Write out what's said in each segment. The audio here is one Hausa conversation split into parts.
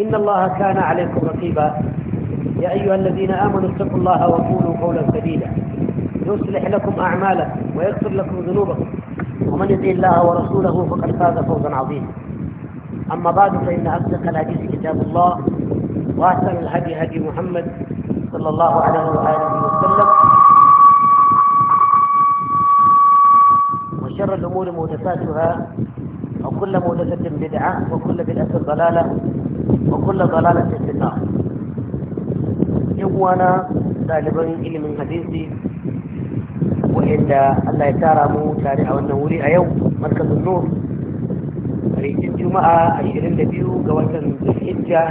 إن الله كان عليكم رقيبا يا أيها الذين آمنوا اتقوا الله وقولوا قولا سديدا يصلح لكم أعمالكم ويغفر لكم ذنوبكم ومن يطع الله ورسوله فقد فاز فوزا عظيما أما بعد فإن أصدق الحديث كتاب الله وأحسن الهدي هدي محمد صلى الله عليه وآله وسلم وشر الأمور مهدفاتها وكل مهدفة بدعة وكل بدعة ضلالة wa kulla dalalatin fi nar yan uwana ɗaliban ilimin hadisi wa'inda Allah ya tara mu tare a wannan wuri a yau markazin nur rikin juma'a 22 ga watan zulhijja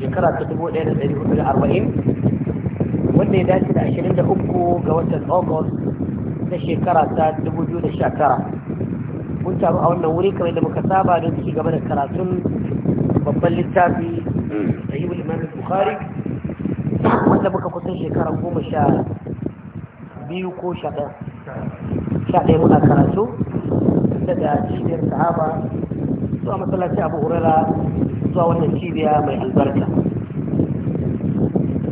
shekara ta 1440 wanda ya dace da 23 ga watan august na shekara ta 2019 mun taru a wannan wuri kamar da muka saba don ci gaba da karatun babban littafi mm. sahihul imam bukhari wanda muka kusan shekara goma sha biyu ko sha ɗaya sha ɗaya muna karatu daga cibiyar sahaba zuwa masallaci abu hurara zuwa wannan cibiya mai albarka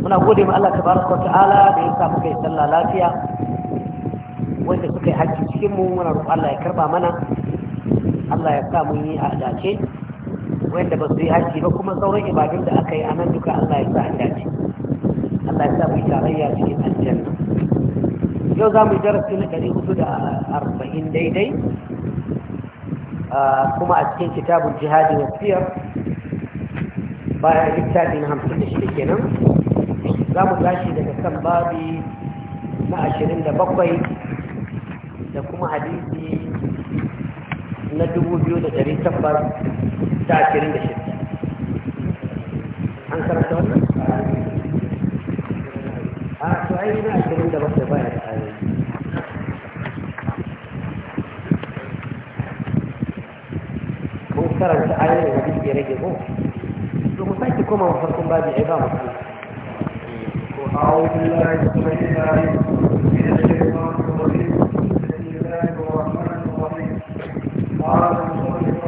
muna gode ma Allah tabaraka ta'ala da ya sa kai sallah lafiya wanda suka yi hajji cikin mu muna roƙon Allah ya karba mana Allah ya sa mun yi a dace wanda ba su yi hajji ba kuma sauran ibadun da aka yi a nan duka Allah ya sa an dace Allah ya sa mu tarayya cikin aljanna yau za mu yi darasi na ɗari hudu da arba'in daidai kuma a cikin kitabun jihadi wa siyar bayan littafin hamsin da shida kenan za mu tashi daga kan babi na ashirin da bakwai da kuma hadisi na dubu biyu da ɗari takwas ta da an karanta wannan a to ai na ashirin da bakwai baya da ayoyi mun karanta ayoyin da duk ya rage ko to mu sake koma farkon babi ai ba mu kala أعوذ بالله من الشيطان الرجيم بسم الله الرحمن الرحيم قال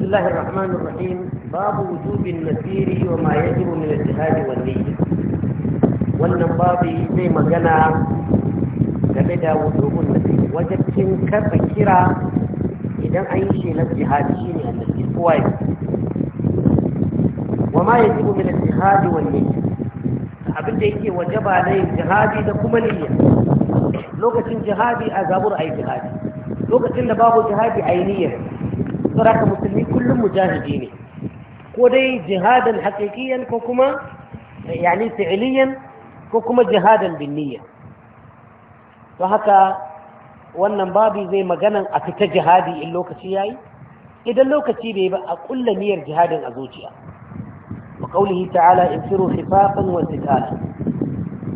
الله الرحمن الرحيم باب وجوب المسير وما يجب من الجهاد والنية wannan babu zai magana game da wujubun nasi wajabcin karɓa kira idan an yi shelar jihadi shine annabi kowa ya wa ma yajibu min al-jihad wal niyya abin da yake wajaba na yin jihadi da kuma niyya lokacin jihadi a zabur ayi jihadi lokacin da babu jihadi a yi niyya saraka musulmi kullum mujahidi ne ko dai jihadan haqiqiyan ko kuma yani fi'liyan ko kuma jihadan bin niyya to haka wannan babi zai maganan a fita jihadi in lokaci ya yi? idan lokaci bai ba a kulla niyyar jihadin a zuciya وقوله تعالى انفروا خفافا وثقالا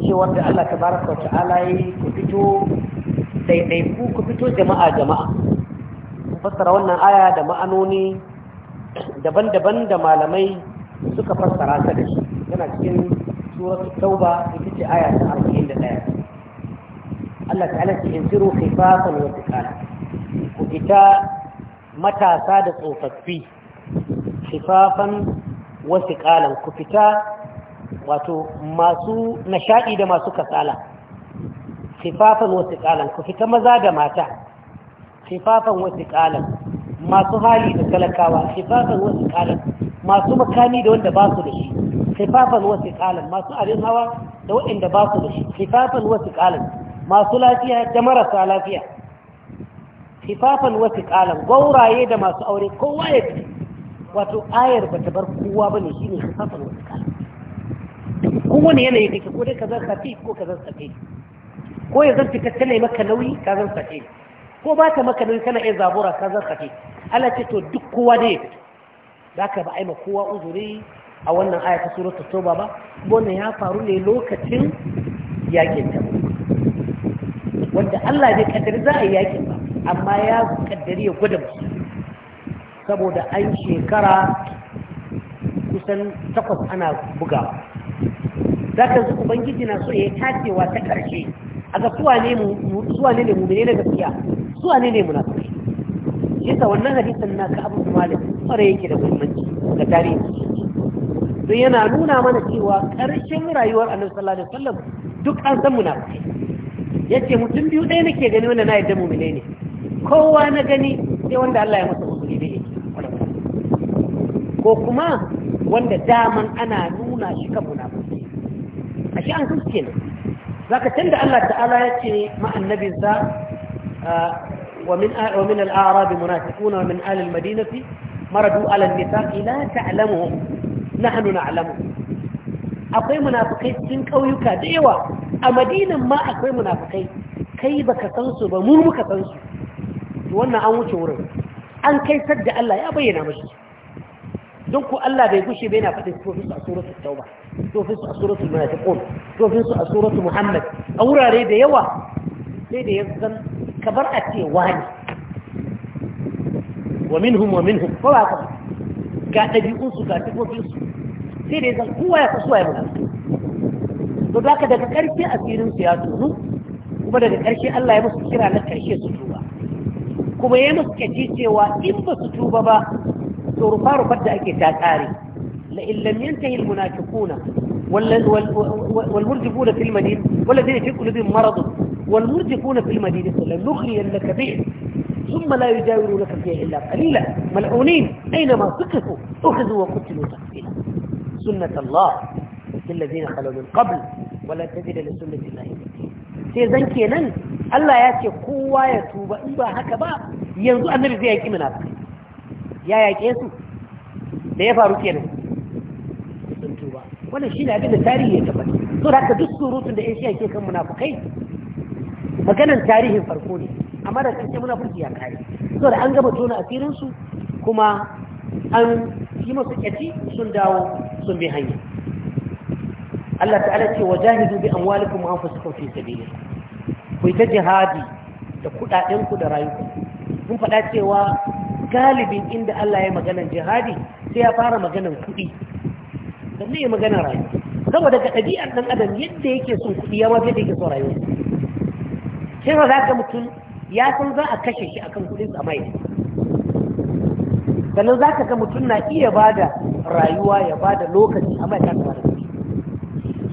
شيء ورد الله تبارك وتعالى كفتو دايدايكو كفتو جماعة جماعة فسر wannan aya da ma'anoni daban-daban da malamai suka fassara ta da shi yana cikin suratul fita ita ce aya ta 41 Allah ta'ala ce insiru khifafan wa thiqala ku matasa da tsofaffi khifafan wasu kalan ku fita wato masu nashaɗi da masu kasala khifafan wasu kalan ku fita maza da mata khifafan wasu kalan masu hali da talakawa khifafan wasu kalan masu makami da wanda ba su da shi khifafan wasu kalan masu abin hawa da waɗanda ba su da shi khifafan wasu kalan masu lafiya da marasa lafiya khifafan wasu kalan gauraye da masu aure kowa ya fi wato ayar ba ta bar kowa shi ne su fasa wasu kala kowane yanayi kake ko dai ka zan safi ko ka zan safi ko ya zan fitacce ne maka nauyi ka zan safi ko ba ta maka nauyi kana iya zabura ka zan safi Allah ce to duk kowa ne ya fito ka ba a yi ma kowa uzuri a wannan aya ta surat tauba ba wannan ya faru ne lokacin yakin ta wanda Allah ya kaddari za a yi yakin ba amma ya kaddari ya gwada musu saboda an shekara kusan takwas ana buga za ka zu bangiji na so ya tacewa ta ƙarshe a ga suwa ne ne mu ne na gaskiya suwa ne ne mu na shi ta wannan hadisan na ka abu malam tsara yake da muhimmanci ga tarihi don yana nuna mana cewa ƙarshen rayuwar annabi sallallahu alaihi wasallam duk an san munafiki yace mutum biyu ɗaya nake gani wanda na yadda mu'mine ne kowa na gani sai wanda Allah ya masa ko kuma wanda daman ana nuna shi kan munafiki a shi an kuske ne zaka tunda Allah ta'ala ya ce ma annabinsa wa min wa min al-a'rab munafiquna wa min ahli al-madinati maradu ala an-nifaq la ta'lamuhum nahnu na'lamuhum akwai munafikai cikin kauyuka da yawa a madinan ma akwai munafikai kai baka san su ba mu muka san su wannan an wuce wurin an kai sadda Allah ya bayyana mashi don ku Allah bai gushe bai na faɗin tofin su a suratul tauba tofin su a suratul munafiqun tofin su a suratul muhammad a wurare da yawa sai da ya zan kabar a ce wani wa minhum wa minhum ko ba ka ga ɗabi'un su ga tofin su sai da ya zan kowa ya kasuwa ya mutu to da ka daga ƙarshe asirin su ya tunu kuma daga ƙarshe Allah ya musu kira na ƙarshe su tuba kuma ya musu kaci cewa in ba su tuba ba to rufa rufar da ake ta tsare والمرجفون في المدينة والذين في قلوبهم مرض والمرجفون في المدينة لك به ثم لا يجاورونك فيها إلا قليلا ملعونين أينما سكتوا أخذوا وقتلوا تقتيلا سنة الله في الذين خلوا من قبل ولا تجد لسنة الله sai zan kenan Allah ya ce kowa ya tuba in ba haka ba yanzu annabi zai yaki munafiki ya yaƙe su da ya faru kenan sun tuba wannan shi ne abinda tarihi ya tabbata so da haka duk surutun da 'yan shi ke kan munafukai maganan tarihin farko ne amma da ƙarshe munafurci ya kare so da an gama tona asirinsu kuma an yi masu ƙyaci sun dawo sun bi hanya Allah ta'ala ce wa jahidu bi amwalikum wa anfusikum fi sabilillah ku ta jihadi da kudaden ku da rayuwa mun faɗa cewa galibin inda Allah ya maganar jihadi sai ya fara maganar kuɗi sannan ya magana rayuwa saboda daga ɗabi'ar ɗan adam yadda yake son kuɗi ya wajen da yake son rayuwa sai ba za ka mutum ya san za a kashe shi akan kuɗin tsamai sannan za ka ga mutum na iya ba da rayuwa ya ba da lokaci amma ya ta ba da kuɗi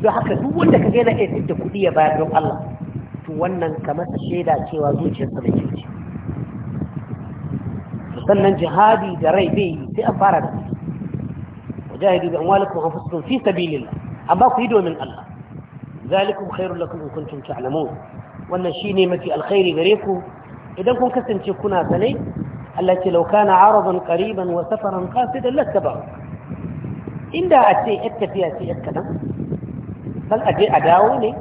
don haka duk wanda ka gaina iya da kuɗi ya bayar don Allah to wannan kamar shaida cewa zuciyarsa mai kyau sannan jihadi da rai bai yi sai an fara da wajahidu bi amwalikum anfusikum fi sabilillah amma ku yi domin Allah zalikum khairul lakum in kuntum ta'lamun wannan shine mafi alkhairi gare ku idan kun kasance kuna sane Allah ce law kana aradan qariban wa safaran qasidan lattaba inda a ce yar tafiya ce yar kadan aje a dawo ne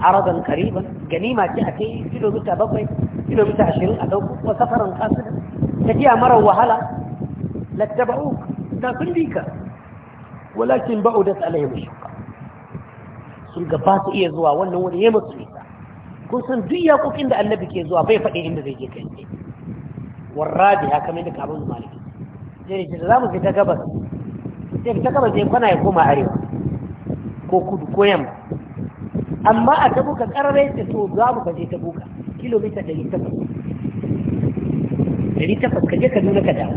aradan qariban ganima ce a ce kilomita bakwai kilomita ashirin a ɗauko ko safaran kasu tafiya marar wahala lattaba'u na sun bika walakin ba'u da mashi ka sun gaba su iya zuwa wannan wani ya masu nisa kun san duk yaƙoƙin da annabi ke zuwa bai faɗi inda zai je kai ne warradi ya kamar da kabin maliki zai ce da za mu fita gabas sai fita gabas zai kwana ya koma arewa ko kudu ko yamma amma a tabuka ƙararai ta to za mu ta tabuka kilomita ɗari takwas ɗari takwas ka je kaduna ka dawo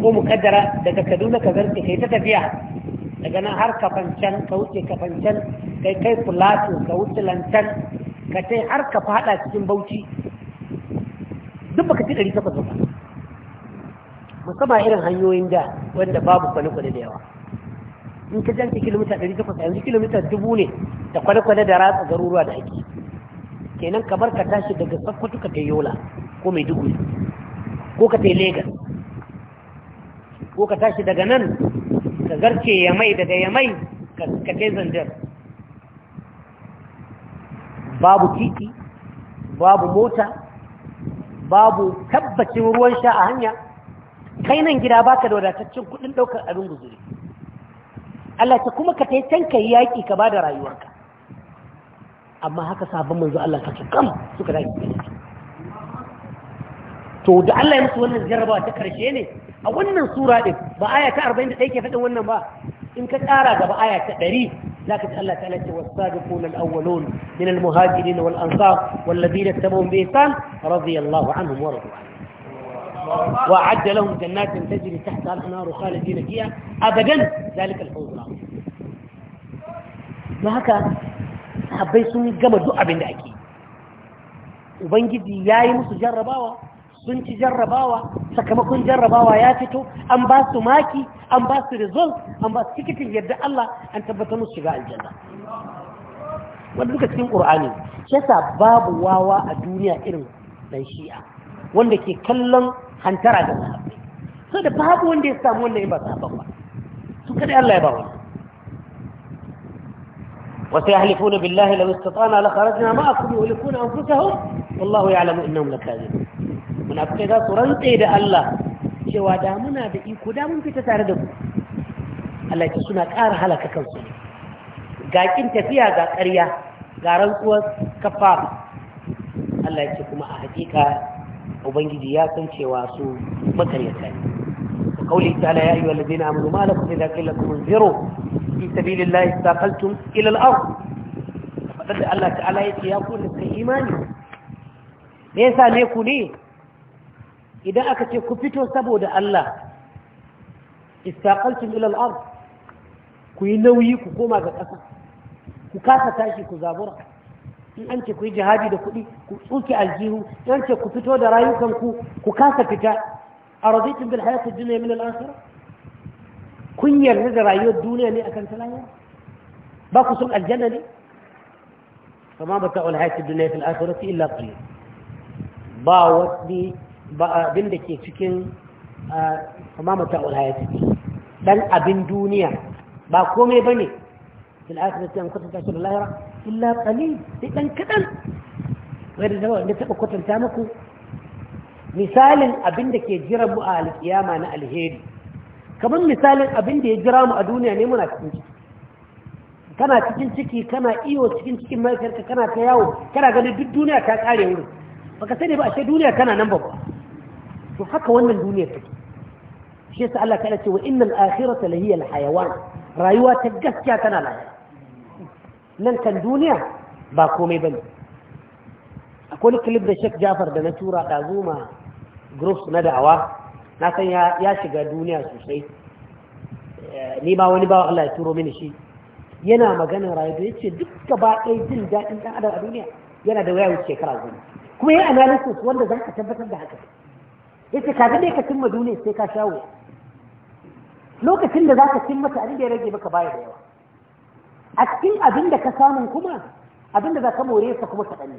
ko mu daga kaduna ka zarce kai ta tafiya daga nan har kafancan ka wuce kafancan kai kai fulato ka wuce lantan ka tai har ka fada cikin bauchi duk baka ci ɗari takwas ba musamman irin hanyoyin da wanda babu kwale-kwale da yawa in ka janta kilomita 800 yanzu kilomita dubu ne da kwale-kwale da ratsa garuruwa da ake kenan kamar ka tashi daga sakkwato ka tai yola ko mai maiduguri ko ka tai Legas, ko ka tashi daga nan ka zarce mai daga ya mai ka kai zanjar babu titi babu mota babu tabbacin ruwan sha a hanya kai nan gida baka da wadataccen kudin daukar abin guzuri Allah ta kuma ka tai can yaki ka bada rayuwarka amma haka sabon manzo Allah ta kam suka dage to da Allah ya musu wannan jarrabawa ta karshe ne a wannan sura din ba aya ta 41 ke fadin wannan ba in ka tsara gaba aya ta 100 لكن الله تعالى والسابقون الأولون من المهاجرين والأنصار والذين اتبعهم بإحسان رضي الله عنهم ورضوا عنه وأعد لهم جنات تجري تحتها الأنهار خالدين فيها أبدا ذلك الفوز العظيم ما هكا sahabbai sun gama duk abin da ake ubangiji ya yi musu jarrabawa sun ci jarrabawa sakamakon jarrabawa ya fito an ba su maki an ba su result an ba su tikitin yadda Allah an tabbatar musu shiga aljanna wanda duka cikin qur'ani shi yasa babu wawa a duniya irin dan shi'a wanda ke kallon hantara da sahabbai so da babu wanda ya samu wannan ba ba su kada Allah ya ba wani ya وسيحلفون بالله لو استطعنا لخرجنا معكم يولفون انفسهم والله يعلم انهم لكاذبون من ابتدى ترنتي ده الله cewa da muna da iko da mun fita tare da ku Allah ke suna ƙara halaka kansu ga kin tafiya ga ƙarya ga rantsuwar kafa Allah ke kuma a hakika ubangiji ya san cewa su makaryata ne kauli ta la ya ayyuhal ladina amanu ma lakum idza qila lakum zero في سبيل الله استاقلتم إلى الأرض فقد الله تعالى يتي يقول لك إيماني ليس عليك ليه إذا أكت كفتو سبود دا الله استاقلتم إلى الأرض كي نوي كوما كتاسا كاسا تاشي كزابرة in an ce ku yi jihadi da kuɗi ku tsuke aljihu in an ce ku fito da rayukanku ku kasa fita a bil hayatu dunya min al-akhirah kun yarda da rayuwar duniya ne akan ta lahira ba ku son aljanna ne kama ba ta'ul hayati duniya fil akhirati illa qalil ba wani ba abin da ke cikin kama ba ta'ul hayati dan abin duniya ba komai bane fil akhirati an kuntum ta'shuru lahira illa qalil sai dan kadan wai da zama da taba kwatanta muku misalin abin da ke jira mu a alkiyama na alheri kamar misalin abin da ya jira mu a duniya ne muna cikin ciki kana cikin ciki kana iyo cikin cikin mahaifiyarka kana ta yawo kana ganin duk duniya ta kare wurin baka sani ba ashe duniya kana nan babba to haka wannan duniyar take shi yasa Allah ta ce wa innal akhirata lahiy al hayawan rayuwa ta gaskiya tana lahiya nan kan duniya ba komai bane akwai clip da Sheikh Jafar da na tura dazuma groups na da'awa na san ya shiga duniya sosai eh, ni ba wani ba Allah ya turo mini shi yana maganar rayuwa ya ce duk gaba ɗaya jin daɗin ɗan adam a duniya yana da waya wuce shekara goma kuma yi analysis wanda zan ka tabbatar da haka ya ce kafin da ka cimma duniya sai ka shawo lokacin da za ka cimma ta abin da ya rage maka baya da yawa a cikin abin da ka samun kuma abin da za ka more sa kuma kaɗan ne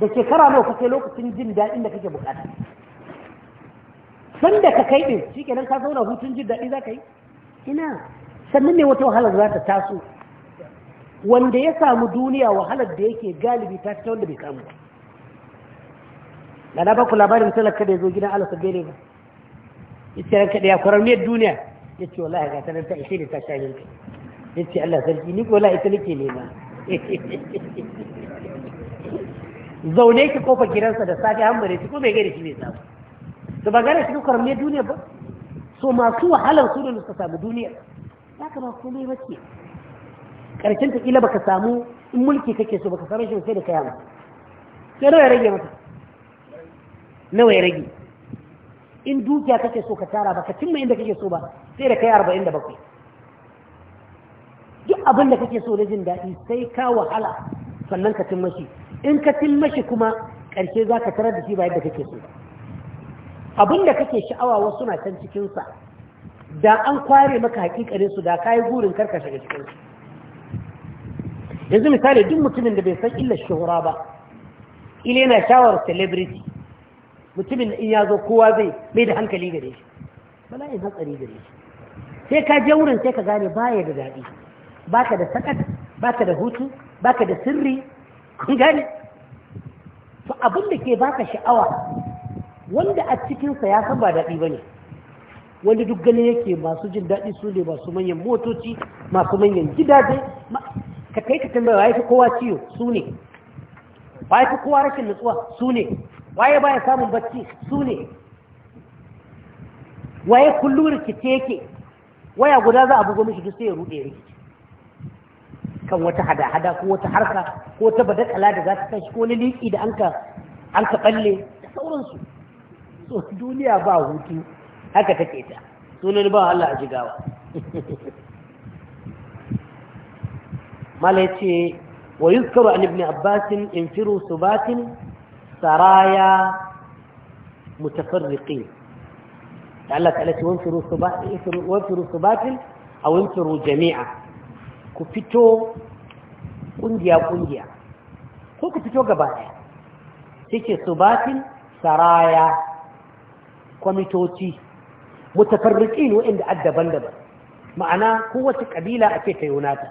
da shekara nawa kake lokacin jin daɗin da kake bukata sanda ka kai din shi kenan ka zauna hutun jin daɗi za ka yi ina sannan ne wata wahalar za ta taso wanda ya samu duniya wahalar da yake galibi ta ta wanda bai samu ba da na baku labarin talar kada ya zo gidan sabbe ne ba ita ran kada ya kwarar miyar duniya ya ce wallahi ga sanar ta ishe ne ta shayin ka ya ce allah sarki ni kola ita nake nema zaune ki kofa gidansa da safe hambare shi ko bai gaida shi mai samu da ba gane cikin kwaramne duniya ba so masu wahalar su ne suka samu duniya ya kama komai bace karshen ta kila baka samu in mulki kake so baka samu shi sai da kayama sai nawa ya rage mata nawa ya rage in dukiya kake so ka tara baka cimma inda kake so ba sai da kai arba'in da bakwai duk abin da kake so na jin daɗi sai ka wahala sannan ka cimma shi in ka cimma shi kuma ƙarshe za ka tarar da shi ba yadda kake so ba Abin da kake sha'awa wasu na can cikinsa da an kware maka hakikarin su da kayi gurin karka shiga cikin yanzu misali duk mutumin da bai san illar shuhura ba ile na shawar celebrity mutumin in ya zo kowa zai mai da hankali gare shi yin hatsari gare shi sai ka je wurin sai ka gane baya da daɗi baka da sakat baka da hutu baka da sirri kun gane to abin da ke baka sha'awa wanda a cikinsa ya san ba daɗi ba ne wanda duk gani yake masu jin daɗi su ne masu manyan motoci masu manyan gidaje ka kai ka tambaya waye fi kowa ciwo su ne waye fi kowa rashin nutsuwa su ne waye baya samun bacci su ne waye kullum rikice yake waya guda za a bugo mishi duk sai ya ruɗe rikici kan wata hada-hada ko wata harka ko ta badakala da za ta kai ko wani liƙi da an ka balle da sauransu so duniya ba hutu haka take ta sunan ba Allah a jigawa mala yace wa yuzkaru an ibn abbas infiru subatin saraya mutafarriqin Allah ta'ala ce wanfiru subatin wanfiru subatin aw wanfiru jami'a ku fito kungiya kungiya ko ku fito gaba ɗaya sai subatin saraya kwamitoci mutafarriqin wa'anda addaban daban ma'ana kowace kabila a ce ta yunata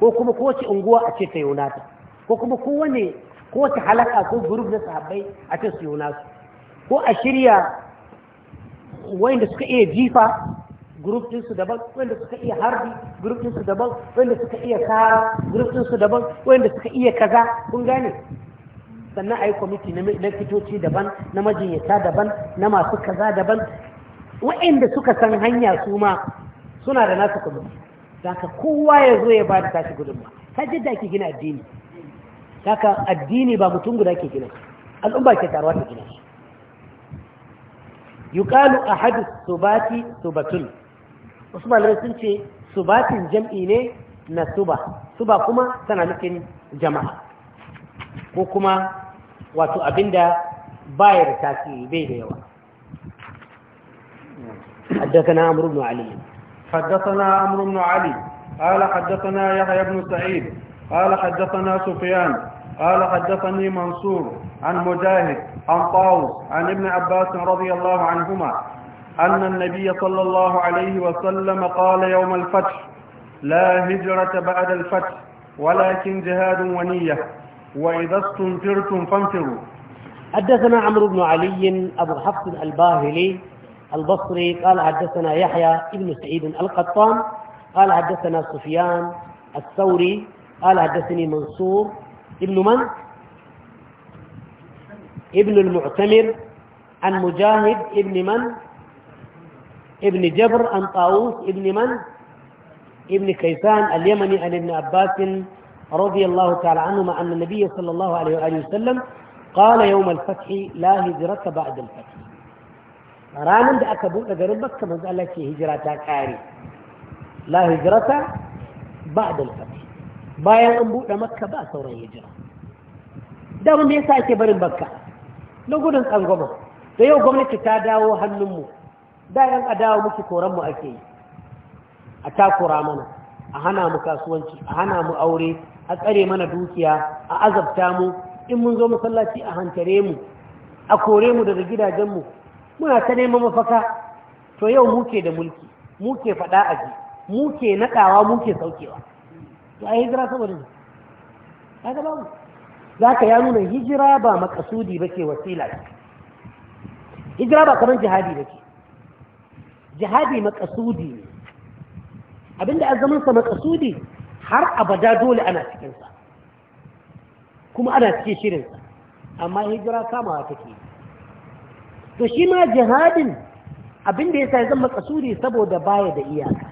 ko kuma kowace unguwa a ce ta yunata ko kuma kowane kowace halaka ko group na sahabbai a ce su yonata ko a shirya wa'anda suka iya jifa group ɗinsu daban wanda suka iya harbi group ɗinsu daban wanda suka iya kara group ɗinsu daban wanda suka iya kaza kun gane sannan a yi kwamiti na fitoci daban na majinyata daban na masu kaza daban wa'inda suka san hanya su ma suna da nasu gudunma ka kowa ya zo ya ba da tashi gudunma ta jidda ke gina addini ka addini ba mutum guda ke gina al'umma ke taruwa ta gina shi yuqalu ahadu subati subatun wasu malamai sun ce subatin jam'i ne na suba suba kuma tana nufin jama'a ko kuma wato abinda baya da tasiri bai da yawa حدثنا عمرو بن علي حدثنا عمرو بن علي قال حدثنا يحيى بن سعيد قال حدثنا سفيان قال حدثني منصور عن مجاهد عن طاووس عن ابن عباس رضي الله عنهما أن النبي صلى الله عليه وسلم قال يوم الفتح لا هجرة بعد الفتح ولكن جهاد ونية وإذا استنفرتم فانفروا حدثنا عمرو بن علي أبو حفص الباهلي البصري قال حدثنا يحيى بن سعيد القطان قال حدثنا سفيان الثوري قال حدثني منصور ابن من؟ ابن المعتمر عن مجاهد ابن من؟ ابن جبر عن طاووس ابن من؟ ابن كيسان اليمني عن ابن عباس رضي الله تعالى عنهما أن النبي صلى الله عليه وآله وسلم قال يوم الفتح لا هجرة بعد الفتح da aka buɗe garin makka manzo Allah ce hijira ta kare la hijrata ba'da al bayan an buɗe ba sauran da wanda yasa ake barin makka na gudun tsangwama da yau gwamnati ta dawo hannunmu da yan adawa muke koran mu ake yi a takura mana a hana mu kasuwanci a hana mu aure a tsare mana dukiya a azabta mu in mun zo masallaci a hankare mu a kore mu daga gidajenmu muna ta neman mafaka to yau muke da mulki muke faɗa a ji muke naɗawa muke saukewa to a hijira saboda ne ga babu za ka ya nuna hijira ba makasudi ba ce wasila ce hijira ba kamar jihadi ba ce jihadi makasudi ne abinda azaminsa makasudi har abada dole ana cikinsa kuma ana cikin shirinsa amma hijira kamawa take to shi ma jihadin abin da ya sa ya zama kasuri saboda baya da iyaka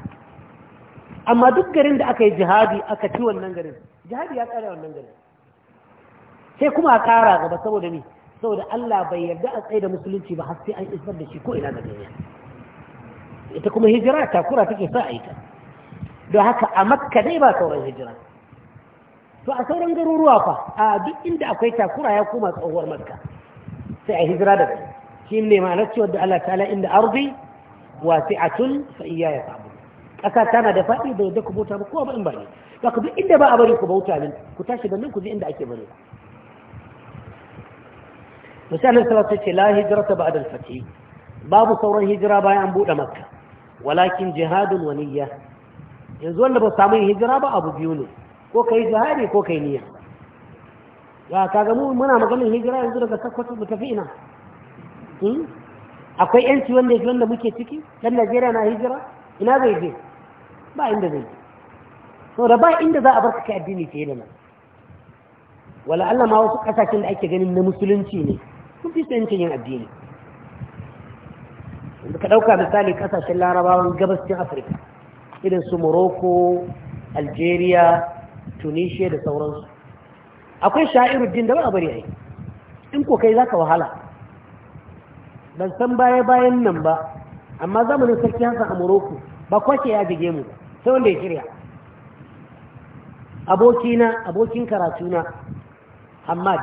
amma duk garin da aka yi jihadi aka ci wannan garin jihadi ya kare wannan garin sai kuma a kara gaba saboda ne saboda Allah bai yarda a tsaye da musulunci ba har sai an isar da shi ko ina da duniya ita kuma hijira takura take sa a yi ta don haka a makka dai ba sauran hijira to a sauran garuruwa fa a duk inda akwai takura ya kuma tsohuwar makka sai a hijira da ta. shi ne ma'anar cewa da Allah ta'ala inda arzi wasi'atun fa iyaya fa'bud ƙasa tana da faɗi da yadda ku bauta ba kowa ba in ba ne ba ku duk inda ba a bari ku bauta min ku tashi da nan ku je inda ake bari misalin salatu ce la hijira ta ba'da al-fatih babu sauran hijira bayan an buɗe makka walakin jihadun waniyya yanzu wanda ba samu hijira ba abu biyu ne ko kai jihari ko kai niyya ya kaga mu muna maganin hijira yanzu daga takwas mu tafi ina hmm? akwai yanci wanda yake wanda muke ciki dan Najeriya na hijira ina zai je ba inda zai je da ba inda za a bar kai addini ke da nan wala Allah ma wasu kasashen da ake ganin na musulunci ne kun fi yancin yin addini ka ɗauka misali kasashen larabawan gabas cikin afirka irin su morocco algeria tunisia da sauransu akwai sha'iruddin da ba a bari a yi in ko kai za ka wahala ban san baya bayan nan ba amma zamanin sarki haka a morocco ba kwace ya jige mu sai wanda ya shirya abokina abokin karatuna hamad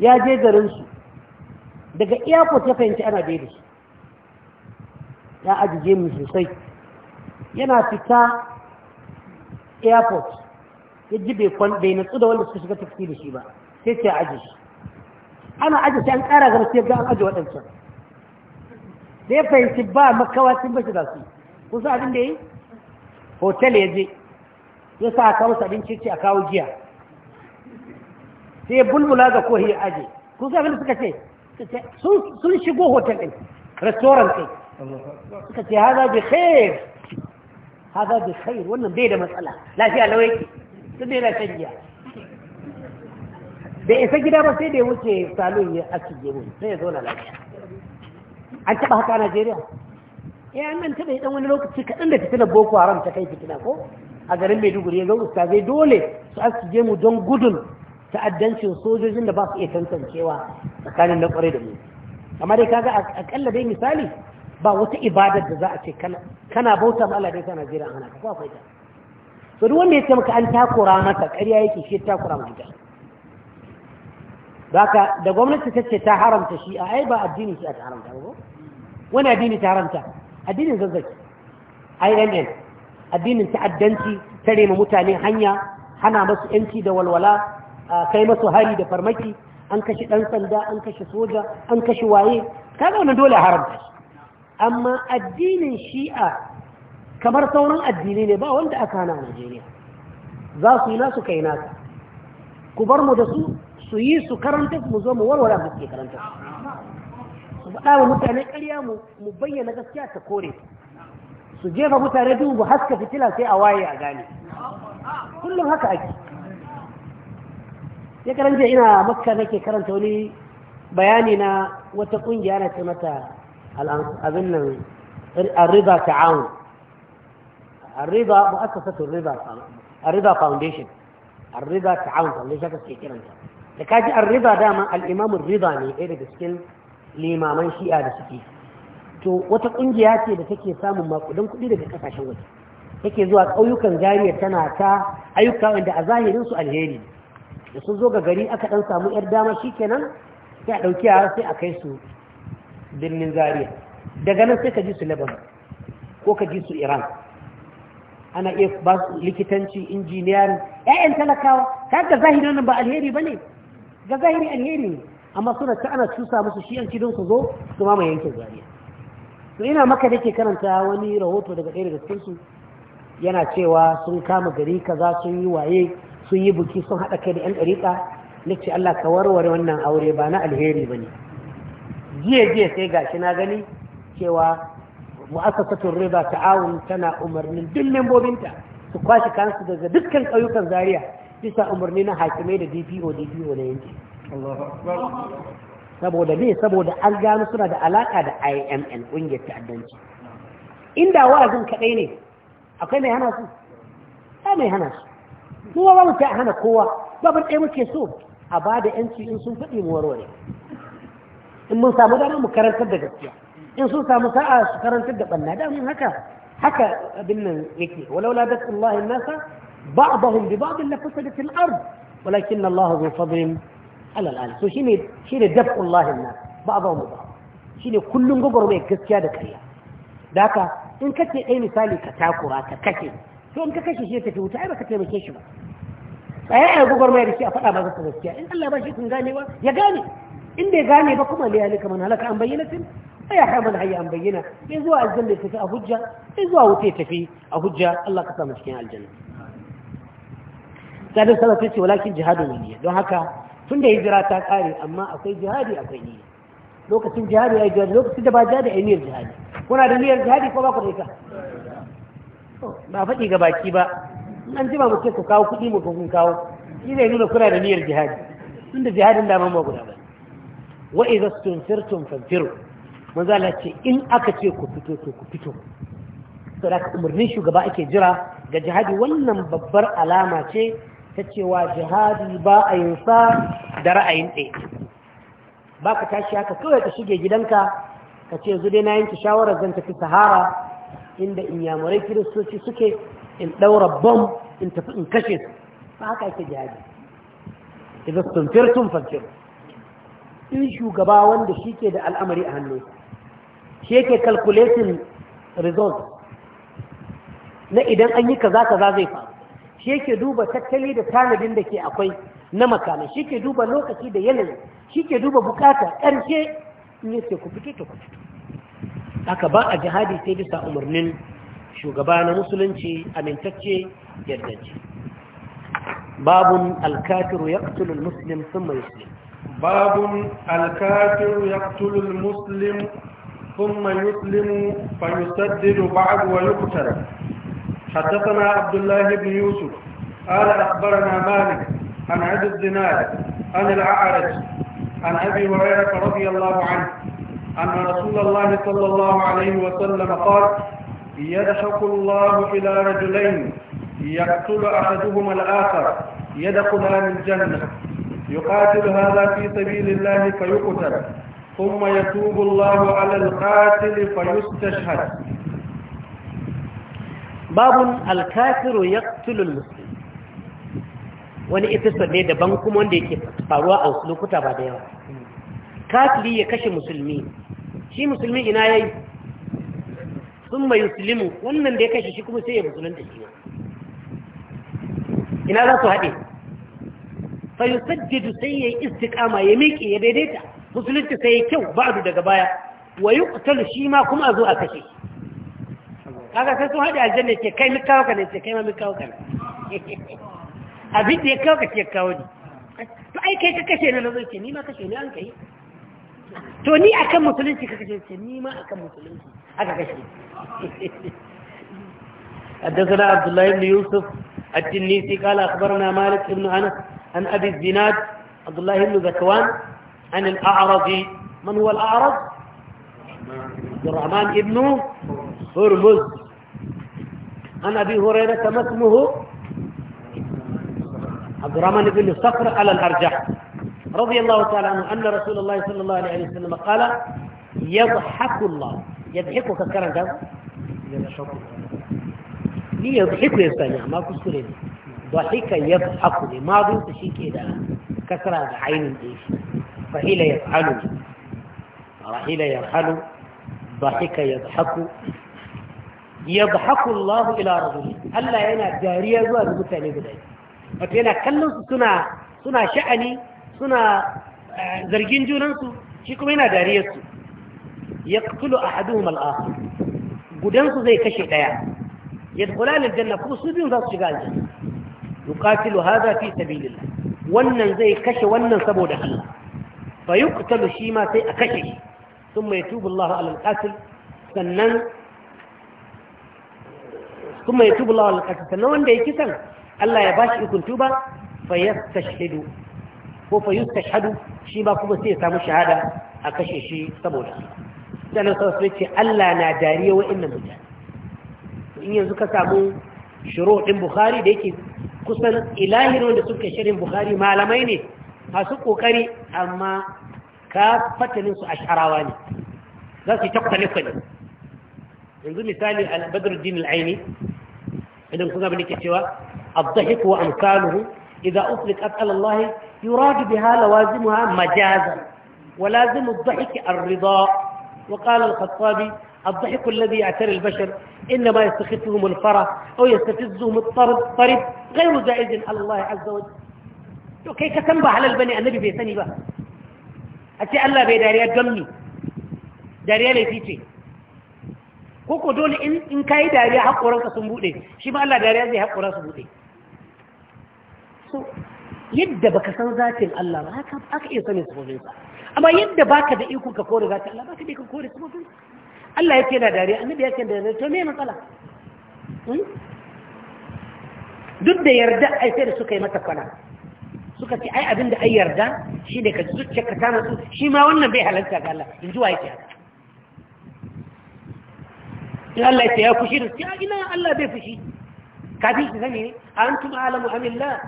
ya je garinsu daga iyakot ya fahimci ana daidai ya ajije mu sosai yana fita airport ya ji bai natsu da wanda suka shiga tafi da shi ba sai ce aji shi ana aji sai an kara gaba sai ga an aji waɗancan da ya fahimci ba makawa sun bashi za su kun sa abin da yi hotel ya je ya sa a kawo abinci ce a kawo giya sai ya bulbula ga kohi ya aje kusa sa abin da suka ce sun shigo hotel ɗin restaurant ɗin suka ce haza bi khair haza bi khair wannan bai da matsala lafiya lawa yake su bai na shan giya bai isa gida ba sai da ya wuce salon ya aski gemu sai ya zauna lafiya an taɓa haka a Najeriya eh an nan taɓa dan wani lokaci kaɗan da fitinar Boko Haram ta kai fitina ko a garin Maiduguri ya ga ustazai dole su aski gemu don gudun ta'addancin sojojin da ba su iya tantancewa tsakanin na kwarai da mu amma dai kaga akalla dai misali ba wata ibadar da za a ce kana bauta ma Allah dai kana jira ana ka ba faida to duk wanda ya ce maka an takura masa ƙarya yake shi takura ma ita baka da gwamnati ta ce ta haramta shi a ai ba addini shi ta haramta ba wani addini ta haramta addinin zazzaki INN addinin ta'addanci ta ma mutane hanya hana masu yanci da walwala kai masu hari da farmaki an kashe ɗan sanda an kashe soja an kashe waye kaga wannan dole haramta shi amma addinin shi'a kamar sauran addinai ne ba wanda aka hana Najeriya za su yi nasu kai nasa ku bar mu da su su yi su karanta mu zo mu warware mu ke karanta su faɗa wa mutane ƙarya mu bayyana gaskiya ta kore su jefa mutane mu haska fitila sai a waye a gane kullum haka ake ya karanta ina makka nake karanta wani bayani na wata ƙungiya na ce mata abin nan arriba ta'awun arriba mu'assasatu arriba arriba foundation arriba ta'awun foundation ka kiranta da kaji arriba dama al-imam ne ɗaya daga cikin limaman shi'a da suke to wata ƙungiya ce da take samun makudan kuɗi daga ƙasashen waje take zuwa ƙauyukan jariyar tana ta ayyuka wanda a zahirin su alheri da sun zo ga gari aka ɗan samu yar dama shikenan sai a ɗauki yara sai a kai su birnin Zariya. daga nan sai ka ji su lebanon ko ka ji su iran ana iya ba su likitanci injiniyar 'ya'yan talakawa ga zahirin nan ba alheri ba ne ga zahiri alheri ne amma suna ta ana cusa musu shi 'yan su zo su mama yankin Zariya. to ina maka da ke karanta wani rahoto daga ɗaya daga cikinsu yana cewa sun kama gari kaza sun yi waye sun yi buki sun haɗa kai da 'yan ɗariƙa na Allah ka warware wannan aure ba na alheri ba ne jiya jiya sai gashi na gani cewa mu'asasatun riba ta'awun tana umarnin duk membobinta su kwashi kansu daga dukkan ƙauyukan zaria bisa umarni na hakimai da dpo dpo na yanki saboda ne saboda an gano suna da alaka da imn ƙungiyar ta'addanci inda wa'azin kaɗai ne akwai mai hana su ba mai hana su kuma ba mu ta hana kowa babu ɗaya muke so a ba da yanci in sun faɗi mu warware in mun samu dama mu karantar da gaskiya in sun samu sa'a su karantar da banna da mun haka haka abin nan yake walau la dakku Allah nasa ba'dahum bi ba'd la fasadat al-ard walakin Allah bi fadlin ala al-al so shine shine dakku Allah nas ba'dahum bi shine kullun gogorwe gaskiya da kariya da haka in kace dai misali ka takura ka kace to in ka kashe shi ka wuta ai baka taimake shi ba tsaye a gogorwe da shi a faɗa ba gaskiya in Allah ba shi kun ganewa ya gane in bai gane ba kuma liya kamar man halaka an bayyana tin sai ya kai man hayya an bayyana sai zuwa aljanna tafi a hujja sai zuwa wuta ya tafi a hujja Allah ka samu cikin aljanna sadar salatu ce walakin jihadu niyya don haka tun da hijira ta kare amma akwai jihadi akwai niyya lokacin jihadi ya jihadi lokacin da ba jihadi ai niyyar jihadi kuna da niyyar jihadi ko ba ku da ita ba faɗi ga baki ba an jima mu ce ku kawo kuɗi mu kun kawo shi zai nuna kuna da niyyar jihadi tun da jihadin da ba guda ba wa idza stunfirtum fanfiru manzo ce in aka ce ku fito to ku fito saboda umarnin shugaba ake jira ga jihadi wannan babbar alama ce ta cewa jihadi ba a yin sa da ra'ayin ɗaya ba ka tashi haka kawai ka shige gidanka ka ce yanzu dai na yanke shawarar zan tafi sahara inda inyamurai kiristoci suke in ɗaura bom in tafi in kashe ba haka ake jihadi idan sun firtun fanfiru in shugaba wanda shi ke da al'amari a hannu shi yake calculating result na idan an yi kaza kaza zai faru shi yake duba tattali da tanadin da ke akwai na makamai shi ke duba lokaci da yanayi shi ke duba bukata ƙarshe in yace ku fito ta ku aka ba a jihadi sai bisa umarnin shugaba na musulunci amintacce yardance babun alkafiru musulun musulun sun yuslim باب الكافر يقتل المسلم ثم يسلم فيسدد بعد ويقتل حدثنا عبد الله بن يوسف قال أخبرنا مالك عن عبد الزناد عن الأعرج عن أبي هريرة رضي الله عنه أن رسول الله صلى الله عليه وسلم قال يدحق الله إلى رجلين يقتل أحدهما الآخر يدخلان الجنة يقاتل هذا في سبيل الله فيقتل ثم يتوب الله على القاتل فيستشهد باب الكافر يقتل المسلم wani episode ne daban kuma wanda yake faruwa a wasu lokuta ba da yawa kafiri ya kashe musulmi shi musulmi ina yayi sun mai musulmi wannan da ya kashe shi kuma sai ya musulun da shi ina za su haɗe fa yusajjidu sai yayi istiqama ya miƙe ya daidaita musulunci sai ya kyau ba'du daga baya wa yuqtalu shi ma kuma a a kashe kaga sai sun haɗe aljanna ce kai mika kawo ka ne ce kai ma mika kawo ka ne abin da ya kawo ka ce kawo ne to ai kai ka kashe ne na zo ni ma kashe ne an kai to ni akan musulunci ka kashe ce ni ma akan musulunci aka kashe حدثنا عبد الله بن يوسف التنيسي قال أخبرنا مالك بن أنس عن أبي الزناد عبد الله بن ذكوان عن الأعرج من هو الأعرج؟ عبد الرحمن بن هرمز عن أبي هريرة ما اسمه؟ عبد الرحمن بن الصقر على الأرجح رضي الله تعالى عنه أن رسول الله صلى الله عليه وسلم قال يضحك الله يضحكك كرنك ليه يضحك يا ما كسرين ضحك يضحك ما da شيء كده كسرة عين إيش فحيل يفعلني رحيل يرحل ضحك يضحك Allah الله إلى رجله ألا هنا جارية زوا بمتعني بدأي wato yana kallon su suna suna sha'ani suna zargin junansu shi kuma yana dariyarsu ya kutulu a haduhum Gudan su zai kashe ɗaya ya kula aljanna kuma su biyun za su shiga aljanna yuqatilu hadha fi sabilillah wannan zai kashe wannan saboda Allah fa yuqtalu shi ma sai a kashe shi thumma yatubu Allah ala al-qatil sannan thumma yatubu Allah ala qatil sannan wanda yake san Allah ya bashi ikon tuba fa yastashhadu ko fa yustashhadu shi ba kuma sai ya samu shahada a kashe shi saboda sannan sai ce Allah na dariya wa'annan mutane in yanzu ka samu shiro ɗin bukhari da yake kusan ilahin wanda suka shirin Buhari malamai ne masu kokari amma ka fatanin su asharawa ne za su yi ta kwale-kwale yanzu misali al-badruddin al-aini idan kuma abin ke cewa abdahiku wa amsaluhu idza usliqat ala Allah yurad biha lawazimuha majazan wa lazimu ad-dhahik wa qala al الضحك الذي يعتري البشر إنما يستخفهم الفرح أو يستفزهم الطرد طرد غير زائد على الله عز وجل كيف تنبع على البني النبي في ثاني بقى أتي ألا بي داريا جمي داريا لي كوكو دول إن, إن كاي داريا حق ورنك سنبوطي شما ألا داريا زي حق ورنك سنبوطي so, yadda baka san zatin Allah ba haka aka iya sanin sabobin ba amma yadda baka da iko ka kore zatin Allah ya ce da dariya annabi ya ce da dariya to me matsala hmm? duk da yarda ai sai da suka yi mata kwana suka ce ai abinda ai yarda shi ne ka zuciya ka tana su shi ma wannan bai halarta ga Allah in ji wa yake haka in Allah ya ce ya fushi da su ya ina Allah bai fushi kafin shi sani ne a antum alamu amillah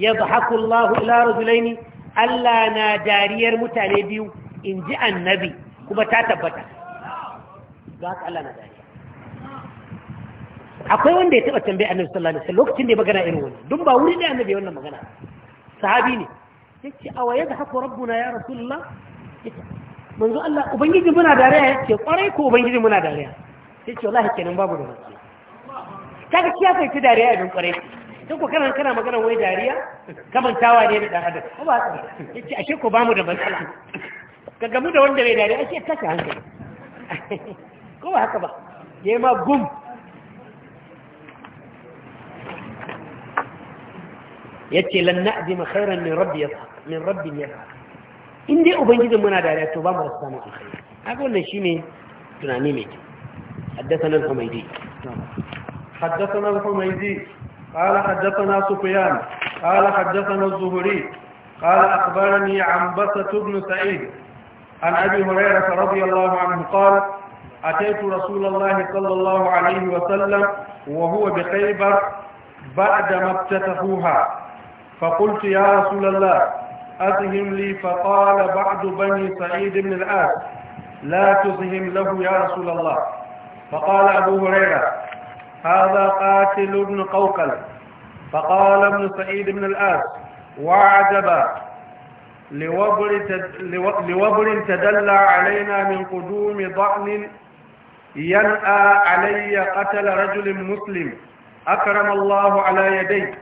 yadhaku Allah ila rajulaini Allah na dariyar mutane biyu in ji annabi kuma ta tabbata don haka Allah na dariya akwai wanda ya taba tambaye annabi sallallahu alaihi wasallam lokacin da ya magana irin wannan dun ba wuri ne annabi wannan magana sahabi ne yace awa yadhaku rabbuna ya rasulullah yace manzo Allah ubangiji muna dariya yace kwarai ko ubangiji muna dariya yace wallahi kenan babu da matsala kaga kiya kai ta dariya idan kwarai sai ko kana kana magana wai dariya kamantawa ne da dan adam ko ba haka yace ashe ko bamu da matsala kaga mu da wanda bai dariya ashe kace hankali كما هكذا يما قم يتي لن نأدم خيرا من ربي يضحك من ربي يضحك إن دي أبنجد من هذا لأ توبام رسانا الخير أقول نشيني تنعني حدثنا الحميدي حدثنا الحميدي قال حدثنا سفيان قال حدثنا الزهري قال أخبرني عن بسة بن سعيد عن أبي هريرة رضي الله عنه قال أتيت رسول الله صلى الله عليه وسلم وهو بخيبر ما افتتحوها فقلت يا رسول الله أذهم لي فقال بعد بني سعيد بن الآس لا تذهم له يا رسول الله فقال أبو هريرة هذا قاتل ابن قوقل فقال ابن سعيد بن الآس وعجبا لوبر تدلى علينا من قدوم ضعن ينأى علي قتل رجل مسلم أكرم الله على يديه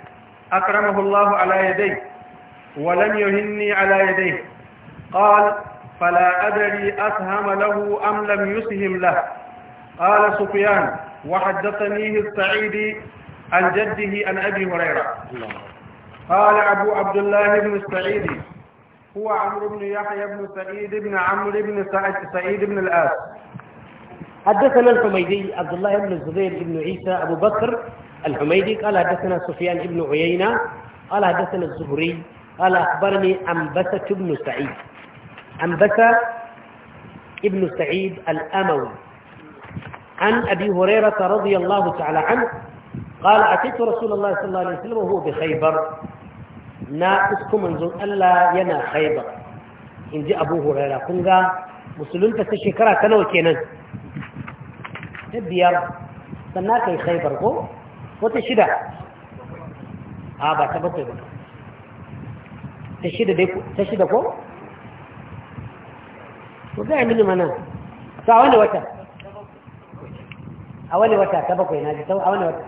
أكرمه الله على يديه ولم يهني على يديه قال فلا أدري أسهم له أم لم يسهم له قال سفيان وحدثنيه السعيدي عن جده عن أبي هريرة قال أبو عبد الله بن السعيدي هو عمرو بن يحيى بن سعيد بن عمرو بن سعيد بن الآس حدثنا الحميدي عبد الله بن الزبير بن عيسى أبو بكر الحميدي قال حدثنا سفيان بن عيينة قال حدثنا الزهري قال أخبرني أنبسة بن سعيد أنبسة ابن سعيد الأموي عن أبي هريرة رضي الله تعالى عنه قال أتيت رسول الله صلى الله عليه وسلم وهو بخيبر ناقصكم ان ألا ينا خيبر إن جاء أبو هريرة كنغا مسلمة تشكرا كانوا كينا ta biyar sannan ka yi khaibar ko wata shida a ba ta bakwai ba ta shida ko ku gaya mini mana to a wani wata a wani wata ta bakwai na ji ta a wani wata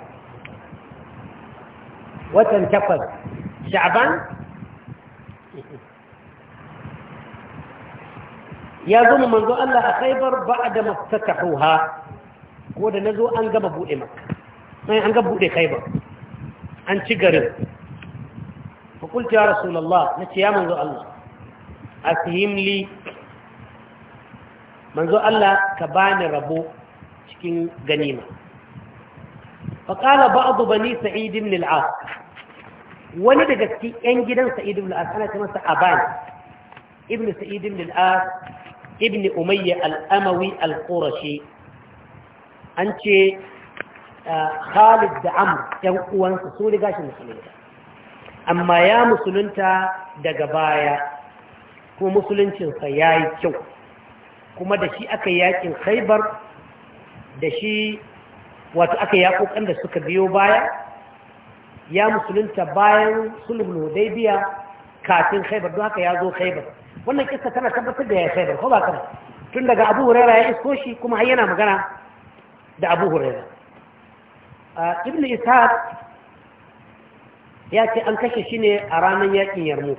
watan takwas sha'ban ya zama manzo Allah a khaibar ba da mastakahuha ko da na zo an gama buɗe maka sai an gama buɗe kai ba an ci garin fakulta ya rasulallah na ce ya manzo Allah a sihimli manzo Allah ka bani rabo cikin ganima faƙala ba a bani ni ibn al'as wani daga cikin 'yan gidan sa'id ibn ana ce masa bani, ibn sa'id ibn ibn umayya al'amawi al-qurashi an ce ah, Khalid da Amr ‘yan uwansa sun riga shi musulunta, amma ya musulunta daga baya ko musuluncinsa ya yi kyau, kuma da shi aka yakin haibar da shi wato aka yakokan da suka biyo baya, ya musulunta bayan sulhul hudaybiya kafin haibar don haka ya zo haibar. Wannan kisa tana tabbatar da ya haibar, ko ba kana? Tun daga Abu Hurairah ya isko shi kuma har yana magana da abu huraira ibn ishaq ya ce an kashe shi ne a ranar yakin yarmouk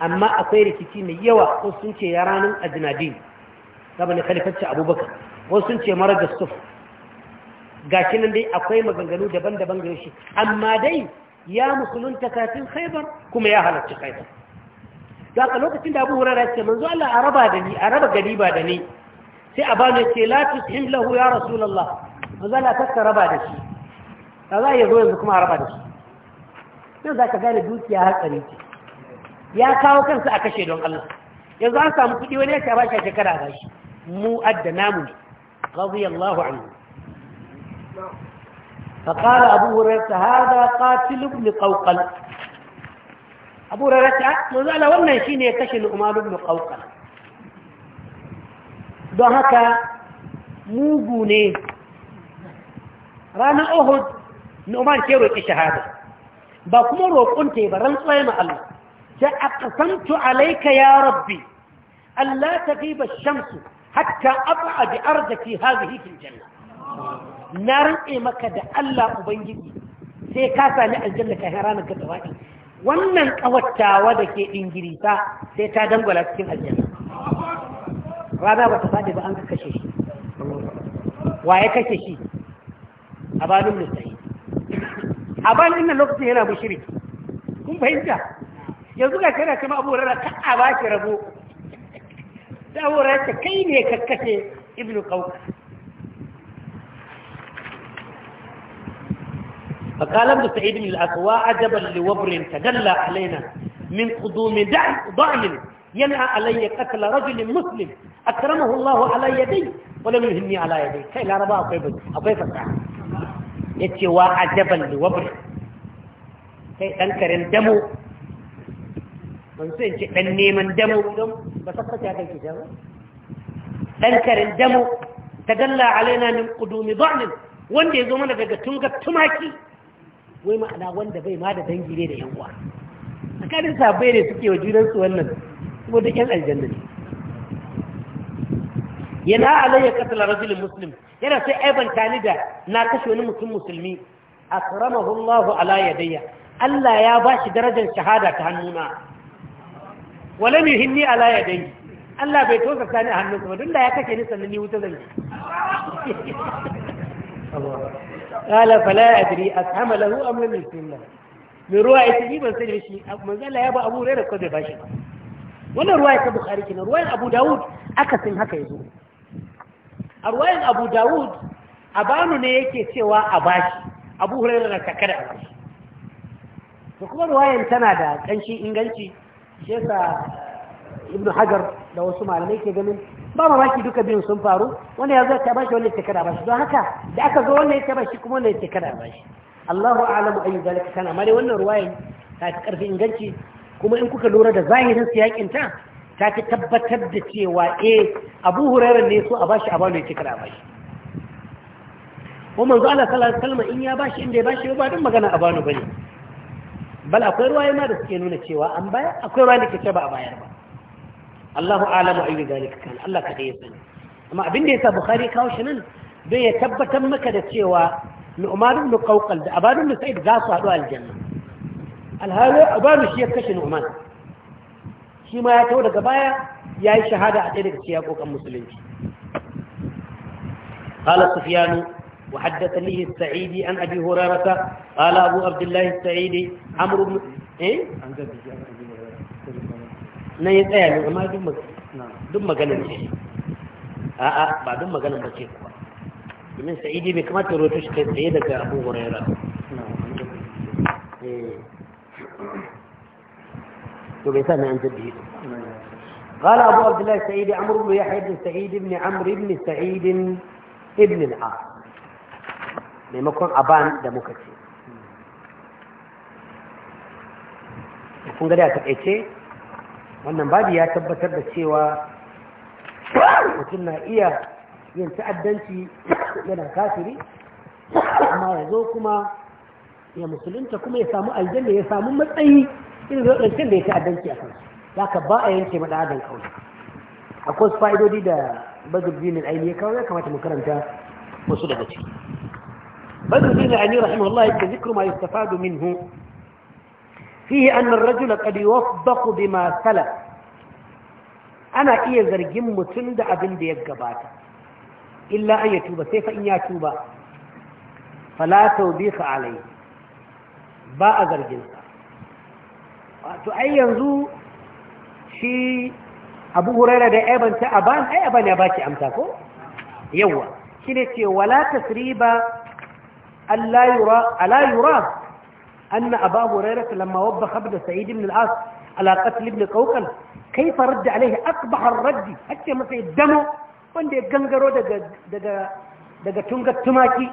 amma akwai rikici mai yawa ko sun ce ya ranar ajinadi saboda kalifarci abubakar wasu sun ce mara da suf ga shi nan dai akwai maganganu daban-daban gare shi amma dai ya musulunta kafin khaibar kuma ya halarci khaibar da lokacin da abu hurara ce manzo Allah a raba da ni a raba gari ba da ni sai a ce la tushim lahu ya rasulullah ba za na tattara raba da shi ba za a yi zo yanzu kuma a raba da shi yau za ka gane dukiya hatsari ce ya kawo kansa a kashe don Allah yanzu an samu kuɗi wani ya ce ba shi a shekara ba shi mu adda namu ne radiyallahu anhu فقال أبو هريرة هذا قاتل ابن قوقل أبو هريرة منزل وانا شيني يكشن أمال ابن قوقل don haka mugu ne ranar ohud Umar ke roƙi shahada ba kuma roƙon ta ba rantsuwa ma Allah ta aqsamtu alaika ya rabbi Allah ta ghiba shamsu hatta ab'ad ardaki hadhihi fil janna na rantsa maka da Allah ubangiji sai ka sami aljanna ka ranar ka ɗin. wannan ƙawattawa da ke dingirita sai ta dangwala cikin aljanna rana ba ta faɗi ba an ka kashe shi wa ya kashe shi a balin musayi a balin nan lokacin yana mushiri kun fahimta yanzu ga kana kama abu rana ka a ba shi rabo da abu rana kai ne ka kashe ibnu kauka فقال ابن سعيد بن الأكواء عجبا لوبر تدلى علينا من قدوم دعم yana alayya ya katala rajulin muslim a karamahun lahu alayya dai wani muhimmi alayya dai laraba akwai bai ya ce wa a jabal da wabar kai dan karin damo ban ce dan neman damo don karin damo ta dalla alaina min qudumi ba'lin wanda ya zo mana daga tunga tumaki wai ma'ana wanda bai ma da dangi ne da yan uwa tsakanin sabai ne suke wa junansu wannan ودكان الجنة ينا علي قتل رجل مسلم ينا سي أيضا كاندا ناقش ونمسلم مسلمي أكرمه الله على يدي ألا يا باش درجة شهادة تهنونا ولم يهني على يدي ألا بيتوزة ثانية هنوكم ودلا يا كاكي نسلني وتذلني قال فلا أدري أسهم له أم لم يسلم له من رواية سيدي من سيدي من قال يا أبو هريرة قد باشي wannan ruwaya ta bukhari kenan ruwayan abu dawud akasin haka yazo a ruwayan abu dawud abanu ne yake cewa a bashi abu hurairah na takara a bashi to kuma ruwayan tana da kanshi inganci shi yasa eh, ibnu hajar da wasu malamai ke ganin ba mamaki duka biyun sun faru wanda ya zo ta bashi wanda ya a bashi don haka da aka zo wanda ya ta bashi kuma wanda ya a bashi Allahu a'lamu ayu zalika kana mare wannan ruwayan ta ta inganci kuma in kuka lura da zahirin siyakin ta ta ci tabbatar da cewa A, eh, abu hurairar ne so a bashi a bano yake kada bashi kuma zuwa Allah sallallahu alaihi in ya bashi inda ya bashi ba don magana a bano bane bal akwai ruwa ma da suke nuna cewa an baya akwai ruwa da ke cewa ba a bayar ba Allahu a'lamu ayyu zalika kan Allah kada ya sani amma abin da yasa Bukhari kawo shi nan bai ya tabbatar maka da cewa Nu'man ibn Qawqal da abadun Sa'id za su haɗu aljanna alhali abanu shi ya kashe nu'man shi ma ya taho daga baya ya yi shahada a ɗaya daga cikin yaƙoƙan musulunci قال سفيان وحدثني السعيدي عن ابي هريره قال ابو عبد الله السعيدي عمرو بن ايه na ya tsaya ne amma duk maganin ce a'a ba duk maganin ba ce kuwa domin sa'idi bai kamata roto shi kai tsaye daga abu huraira وبيسان عن جده قال أبو عبد الله السعيد عمرو بن يحيى بن سعيد بن عمرو بن سعيد ابن العاص maimakon aban da muka ce kun ga wannan babu ya tabbatar da cewa mutum na iya yin ta'addanci yana kafiri amma ya zo kuma ya musulunta kuma ya samu aljanna ya samu matsayi irin da ya ta'addanci a kansu za ka ba a yanke maɗa adam kawai akwai wasu fa'idodi da bazurbinin aini ya kawo ya kamata mu karanta wasu daga ciki bazurbinin aini rahimahullah yake zikru ma yustafadu minhu fihi annar rajula qad yuwaffaqu bima salaf ana iya zargin mutum da abin da ya gabata illa an ya tuba sai fa in ya tuba fala tawbiha alai ba a zargin to ai yanzu shi abu huraira da aibanta a ban ai aban ya baki amsa ko yawa shi ne ce wala tasriba alla yura an na anna aba huraira lamma wabba khabda sa'id ibn al-as ala qatl ibn qawqal kayfa radda alayhi asbah ar raddi hatta masa damo wanda ya gangaro daga daga tungar tumaki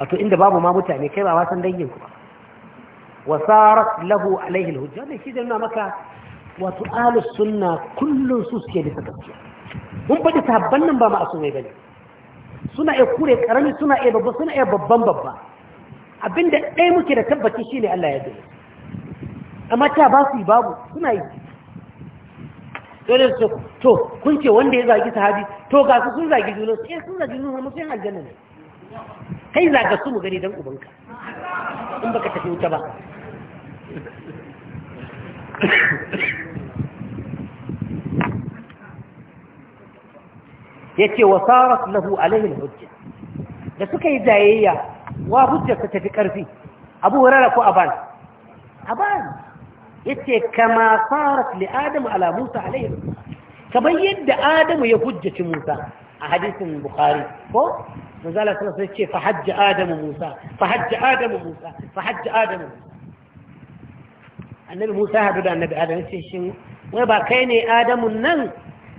wato inda babu ma mutane kai ba wasan dangin ku ba وصارت له alaihi الهجة ne shi da nuna maka wato ahlus sunna su suke bisa gaskiya mun faɗi sabban nan ba ma asumai bane suna iya kure karami suna iya babba suna iya babban babba abinda ɗaya muke da tabbaci shine Allah ya dole amma ta ba su yi babu suna yi dole su to kun ce wanda ya zagi sahabi to ga su sun zagi juna su eh, sun zagi juna mu sai aljanna ne kai zaga su mu gani dan ubanka in baka tafi wuta ba yace wa wasarat lahu alaihi hujja da suka yi jayayya wa hujja ta tafi karfi abu hurara ko aban aban yace kama sarat li adam ala musa alaihi kamar yadda adamu ya hujjaci musa a hadisin bukhari ko manzala sallallahu alaihi wasallam fa hajja adamu musa fa hajja adamu musa fa hajja adamu musa annabi musa hadu da annabi adam ce shin wai ba kai ne Adamu nan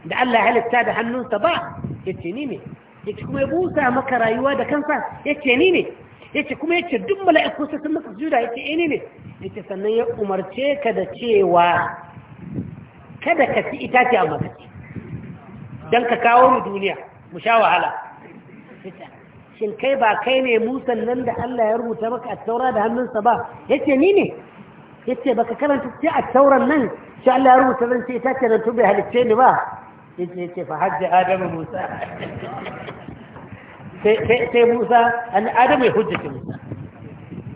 da allah ya halitta da hannunsa ba yace ni ne yace kuma ya busa maka rayuwa da kansa yace ni ne yace kuma yace duk mala'iku sai sun maka sujuda yace eh ni ne yace sannan ya umarce ka da cewa kada ka ci itace a makaci dan ka kawo mu duniya mu sha wahala shin kai ba kai ne musan nan da Allah ya rubuta maka a taura da hannunsa ba yace ni ne yace baka karanta ce a tauran nan sha Allah ya rubuta zan ce ta ce da tubi halicce ni ba yace yace fa hajji adamu musa sai sai musa an adamu ya hujjace musa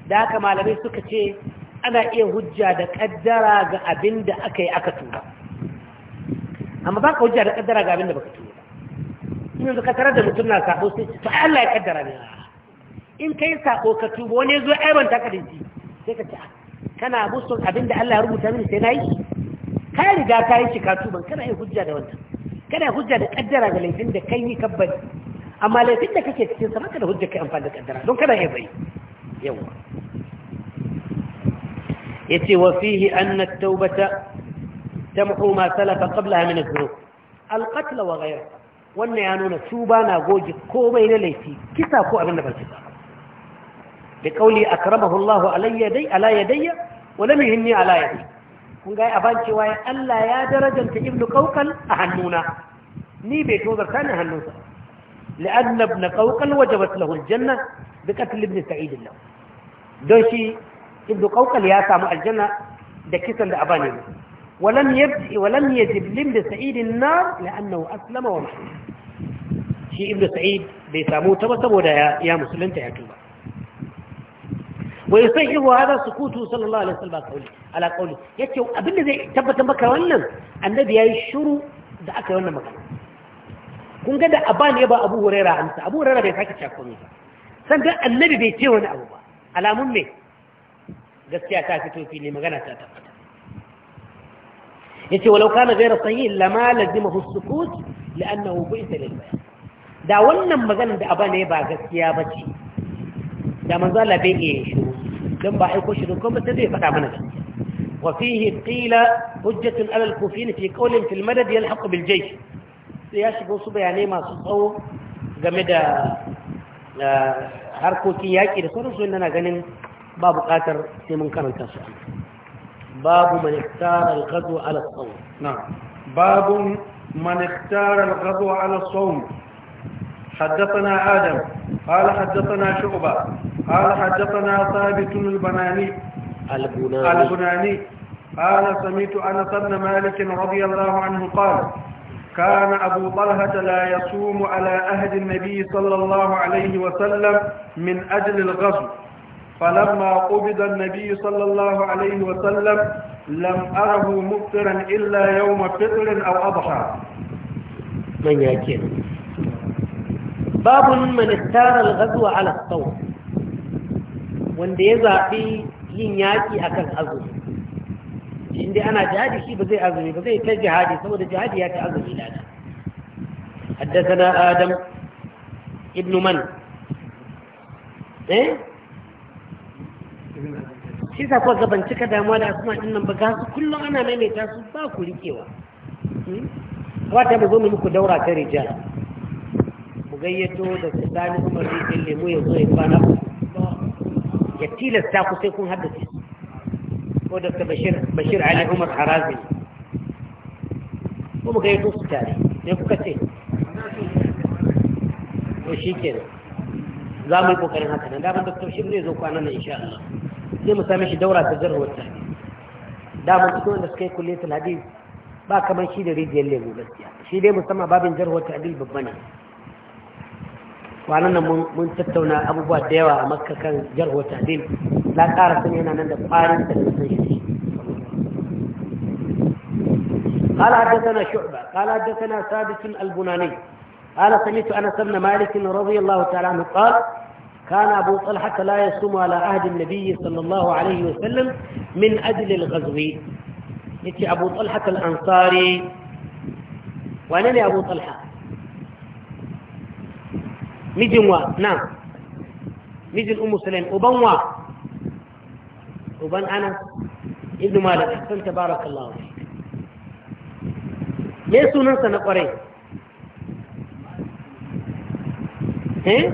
da haka malamai suka ce ana iya hujja da kaddara ga abin da aka yi aka tura amma ba ka hujja da kaddara ga abin da baka tura in yanzu ka tarar da mutum na sabo sai to Allah ya kaddara ne in kai sako ka tuba wani ya zo aibanta ka da shi sai ka ce ah, kana musun abin da Allah ya rubuta mini sai nayi ka riga ka yi cika tuban kana yin hujja da wannan kana hujja da kaddara ga laifin da kai ni kabbar amma laifin da kake cikin sa maka da hujja kai amfani da kaddara don kana yi bai yawa yace wa fihi anna at-taubata tamhu ma salafa qablaha min adh-dhunub al-qatl wa ghayruhu wannan ya nuna tuba na goge komai na laifi kisa ko abin da ba kisa ba لقولي أكرمه الله علي يدي على يدي ولم يهني على يدي kun جاي أبان cewa Allah ya darajanta ibnu kaukal a hannuna ni bai tozarta لأن ابن قوقل وجبت له الجنة بقتل ابن سعيد الله دوشي ابن قوقل يا سامع الجنة دكيسا لأباني ولم يبدأ ولم يجب لابن سعيد النار لأنه أسلم ومحمد شي ابن سعيد بيساموه تبا تبو يا مسلم تيكلبا wa yusahihu su kutu sallallahu alaihi wasallam kauli ala kauli yace abinda zai tabbatar maka wannan annabi yayi shiru da aka yi wannan magana kun ga da aban ya ba abu huraira amsa abu huraira bai sake cewa komai ba san ga annabi bai ce wani abu ba alamun me gaskiya ta fito fili magana ta tabbata yace walau kana ghayra sahih lama lazimahu as-sukut li'annahu bu'itha lil bayan da wannan magana da aban ya ba gaskiya bace da manzo Allah bai iya shiru dan ba aiko shiru ba sai zai fada mana wa fihi qila hujjatun ala al-kufin fi qawlin fil madad yalhaq bil jaysh sai ya shigo su bayane masu tsawo game da harkokin yaki da sauransu inda na ganin ba buƙatar sai mun karanta su babu man ikhtara al-ghazwa ala al sawm na'am babu man ikhtara al-ghazwa ala al sawm حدثنا آدم قال حدثنا شعبة قال حدثنا ثابت البناني البناني, البناني. قال سمعت أنس بن مالك رضي الله عنه قال كان أبو طلحة لا يصوم على أهد النبي صلى الله عليه وسلم من أجل الغزو فلما قبض النبي صلى الله عليه وسلم لم أره مفطرا إلا يوم فطر أو أضحى من يكين باب من اختار الغزو على الصوم wanda ya zaɓi yin yaƙi a kan azumi inda ana jihadi shi ba zai azumi ba zai ta jihadi saboda jihadi ya ta azumi lada na adam ibn man eh? shi sa kuwa gaban cika damuwa da asuma ɗin nan ba ga su kullum ana maimaita su ba ku riƙewa hmm? wata mu zo mu muku daura ta rijiya, mu gayyato da su sani umar rikin lemu ya zo ya kwana ya tilasta ku sai kun haddace ko da bashir bashir ali umar harazi ko muka yi to su tare ne kuka ce to shi ke za mu yi kokarin haka nan damar doktor shi zai zo kwanan nan insha Allah sai mu same shi daura ta jarwar ta damar cikin wanda suka yi kulliyatul hadith ba kamar shi da rijiyar lemu gaskiya shi dai musamman babin jarwar ta adil babba ne kwanan nan mun tattauna abubuwa da yawa a makka kan jarho tahdil na ƙara sun yana nan da ƙwarin da sun shi قال حدثنا شعبة قال حدثنا ثابت البناني قال سمعت أنس بن مالك رضي الله تعالى عنه قال كان أبو طلحة لا يصوم على عهد النبي صلى الله عليه وسلم من أجل الغزو يتي أبو طلحة الأنصاري وأنا أبو طلحة mijin wa na mijin ummu sulaim uban wa uban ana ibnu malik san tabarakallahu me sunansa na kwarai eh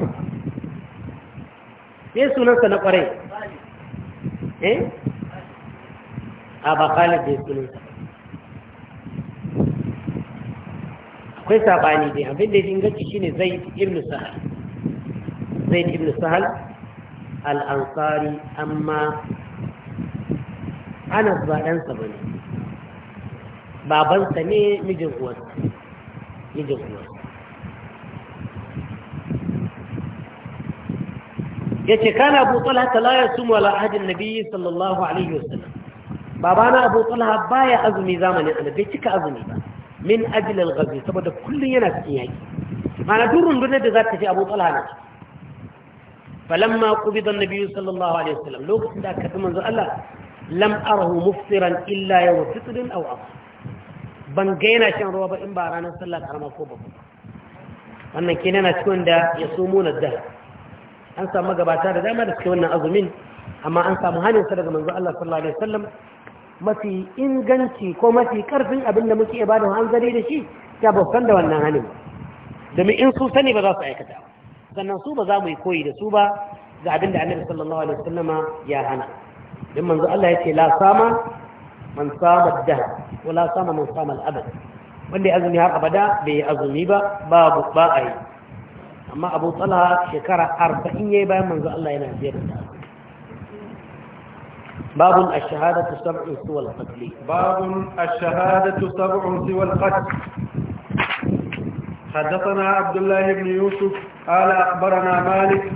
me sunansa na kwarai eh a ba khalid ne sunansa akwai sabani dai abin da ya shi ne zai ibnu sa'ad zaid ibn sahal al-ansari amma anas ba ɗansa ba ne babansa ne mijin uwarsa mijin uwarsa ya ce kana abu talha ta layar sumu ala sallallahu alaihi wasallam babana abu baya azumi zamanin annabi cika azumi ba min ajilal gazi saboda kullum yana cikin yaki mana duk rundunar da zata ta na falamma qubida an-nabi sallallahu alaihi lokacin da aka tafi manzo Allah lam arahu mufsiran illa yawm fitrin aw asr ban ga yana shan ruwa ba in ba ranar sallah karama ko babu wannan kenan na cikin da ya sumo na da an samu gabata da dama da cikin wannan azumin amma an samu hanin daga manzo Allah mafi inganci ko mafi karfin abin da muke ibada hanzari da shi ya bautan da wannan hanin domin in su sani ba za su aikata ba sannan su ba za mu yi koyi da su ba ga abin da annabi sallallahu alaihi wasallam ya hana dan manzo Allah yace la sama man sama da wa la sama man sama al-abad wanda ya azumi har abada bai yi azumi ba babu ba a yi amma abu talha shekara arba'in ya yi bayan manzo Allah yana biyar da babun a shahadatu sab'in suwal qatl babun a shahadatu sab'in qatl حدثنا عبد الله بن يوسف قال أخبرنا مالك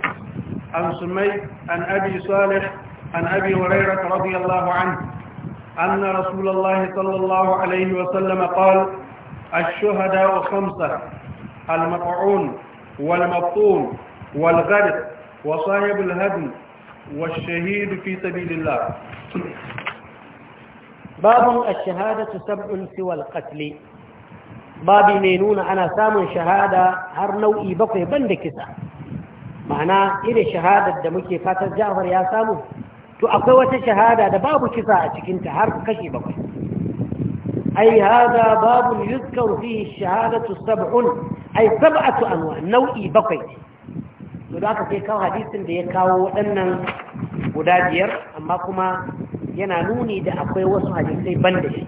عن سمي عن أبي صالح عن أبي هريرة رضي الله عنه أن رسول الله صلى الله عليه وسلم قال الشهداء خمسة المطعون والمبطون والغرق وصاحب الهدم والشهيد في سبيل الله باب الشهادة سبع سوى القتل babi mai nuna ana samun shahada har nau'i bakwai banda kisa ma'ana irin shahadar da muke fatar jafar ya samu to akwai wata shahada da babu kisa a cikinta har kashi bakwai ai hada babu yuzkaru fihi shahadatu sab'un ai sab'atu anwa nau'i bakwai to da aka sai kawo hadisin da ya kawo waɗannan guda biyar amma kuma yana nuni da akwai wasu hadisai ban da shi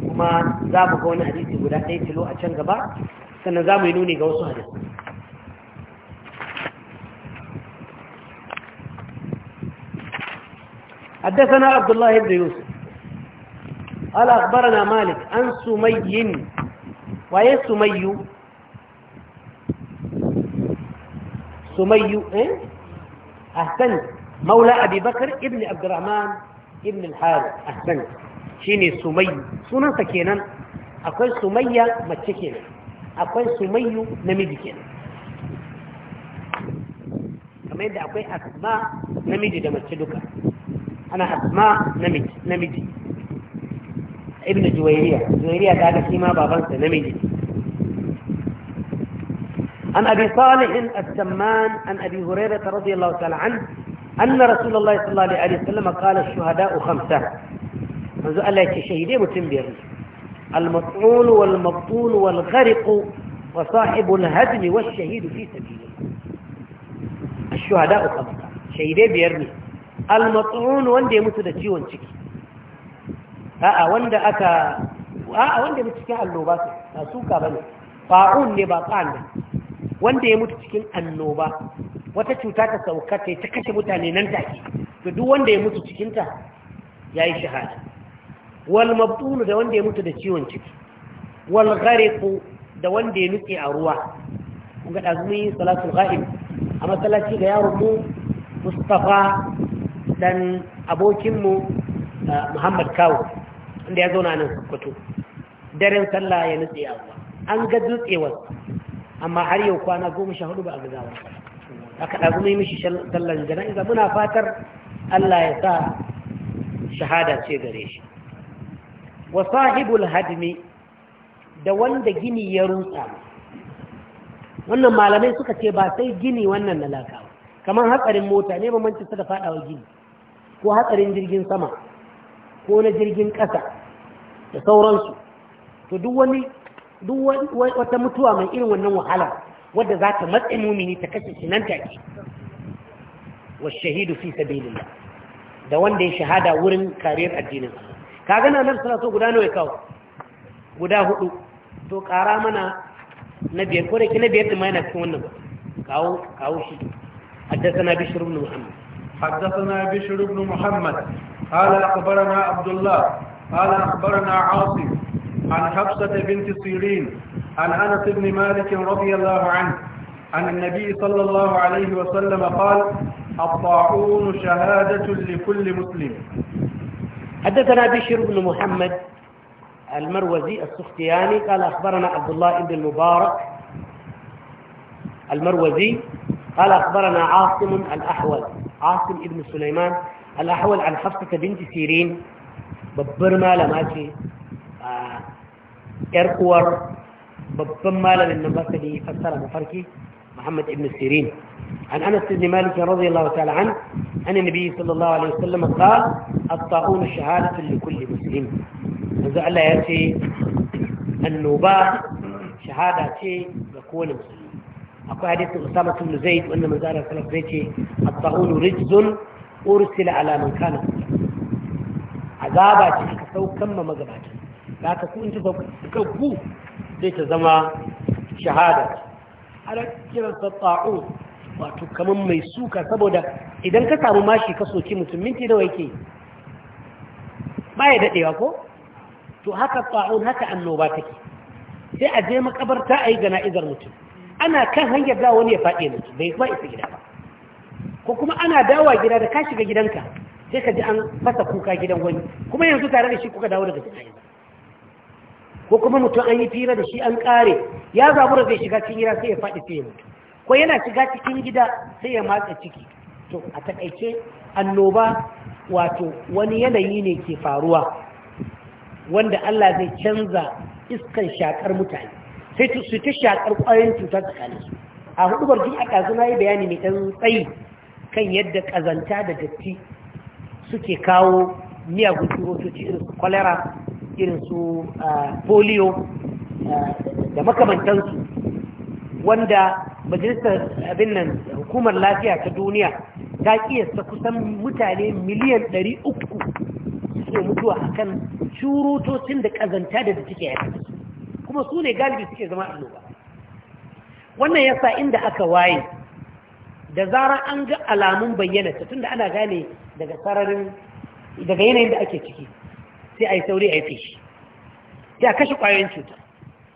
kuma za mu ga wani hadisi guda ɗaya tilo a can gaba sannan za mu yi nuni ga wasu hadis حدثنا عبد الله بن يوسف قال أخبرنا مالك عن سمي وهي سمي سمي إيه؟ مولى أبي بكر ابن عبد الرحمن ابن الحارث أحسنت شيني سمي سنة سكينا akwai sumayya mace kenan akwai sumayyu namiji kenan kamar yadda akwai asma namiji da mace duka ana asma namiji ibn juwairiya juwairiya ta ga shi babansa namiji عن أبي صالح السمان عن أبي هريرة رضي الله تعالى عنه أن رسول الله صلى الله عليه وسلم قال الشهداء خمسة منذ ألا يتشهدين متنبيرين المطعول والمقتول والغرق وصاحب الهدم والشهيد في سبيل الشهداء خمسة شهيدai biyar ne almatsun wanda ya mutu da ciwon ciki a'a wanda ya mutu cikin annoba su ba suka bane ne ba qan wanda ya mutu cikin annoba wata cuta ta sauka ta ta kashe mutane nan take to duk wanda ya mutu cikinta yayi shahada wal mabtulu da wanda ya mutu da ciwon ciki wal ghariqu da wanda ya nutse a ruwa kun ga dazumi salatul ghaib a masallaci ga yaro mu mustafa dan abokin mu muhammad kawo inda ya zauna nan sokoto daren sallah ya nutse a ruwa an ga dutsewar amma har yau kwana goma sha hudu ba a gazawa aka ɗazumi mishi sallan jana'iza muna fatar Allah ya sa shahada ce gare shi wa sahibul hadmi da wanda gini ya rusa wannan malamai suka ce ba sai gini wannan na laka kamar hatsarin mota ne ba su da fadawa gini ko hatsarin jirgin sama ko na jirgin ƙasa da sauransu to duk wani duk wata mutuwa mai irin wannan wahala wadda za ta matse mumini ta kashe shi nan take wa shahidu fi sabilillah da wanda ya shahada wurin kariyar addinin Allah ka gana nan suna so guda nawa kawo guda hudu to ƙara mana na biyar ko da ke na biyar ɗin ma cikin wannan kawo kawo shi حدثنا بشر بن محمد حدثنا بشر بن محمد قال أخبرنا عبد الله قال أخبرنا عاصم عن حفصة بنت سيرين عن أنس بن مالك رضي الله عنه عن النبي صلى الله عليه وسلم قال الطاعون شهادة لكل مسلم حدثنا بشير بن محمد المروزي السختياني قال أخبرنا عبد الله بن المبارك المروزي قال أخبرنا عاصم الأحول عاصم بن سليمان الأحول عن حفصة بنت سيرين babbar malama ce a ‘yar uwar babban malamin nan ba su da fassara mafarki Muhammad ibn Sirin. An Anas ibn عن النبي صلى الله عليه وسلم قال الطاعون شهادة لكل مسلم هذا الله يأتي النوباء شهادة لكل مسلم أقول حديث أسامة بن زيد وأن مزارع سلف بيتي الطاعون رجز أرسل على من كان عذابة عذابات كسو كم مقبات لا تكون أنت كبو ليت زما شهادة على كلا الطاعون wato kamar mai suka saboda idan ka samu mashi ka soki mutum minti nawa waike baya dadewa ko to haka ta'un haka annoba take sai a je makabarta a yi izar mutum ana kan hanyar da wani ya faɗi mutum bai kuma isa gida ba ko kuma ana dawa gida da ka shiga gidanka sai ka ji an fasa kuka gidan wani kuma yanzu tare da shi kuka dawo daga jana'izar ko kuma mutum an yi fira da shi an kare ya zabura zai shiga cikin gida sai ya faɗi sai ya mutu ko yana shiga cikin gida sai ya matsa ciki to a takaice annoba wato wani yanayi ne ke faruwa wanda Allah zai canza iskan shakar mutane sai su ta shakar ƙwayoyin cutar tsakanin su a bar jin a ƙazuna yi bayani mai ɗan tsayi kan yadda ƙazanta da datti suke kawo miyagun turotoci irin su kwalera irin su ah, polio ah, da makamantansu wanda majalisar abin nan hukumar lafiya ta duniya ta kiyasta kusan mutane miliyan 300 suke mutuwa akan shurutocin da ƙazanta da suke yaki kuma su ne galibi suke zama annoba wannan yasa inda aka waye da zara an ga alamun bayyana ta tunda ana gane daga sararin daga yanayin da ake ciki sai a yi sauri a yi feshi sai a kashe ƙwayoyin cuta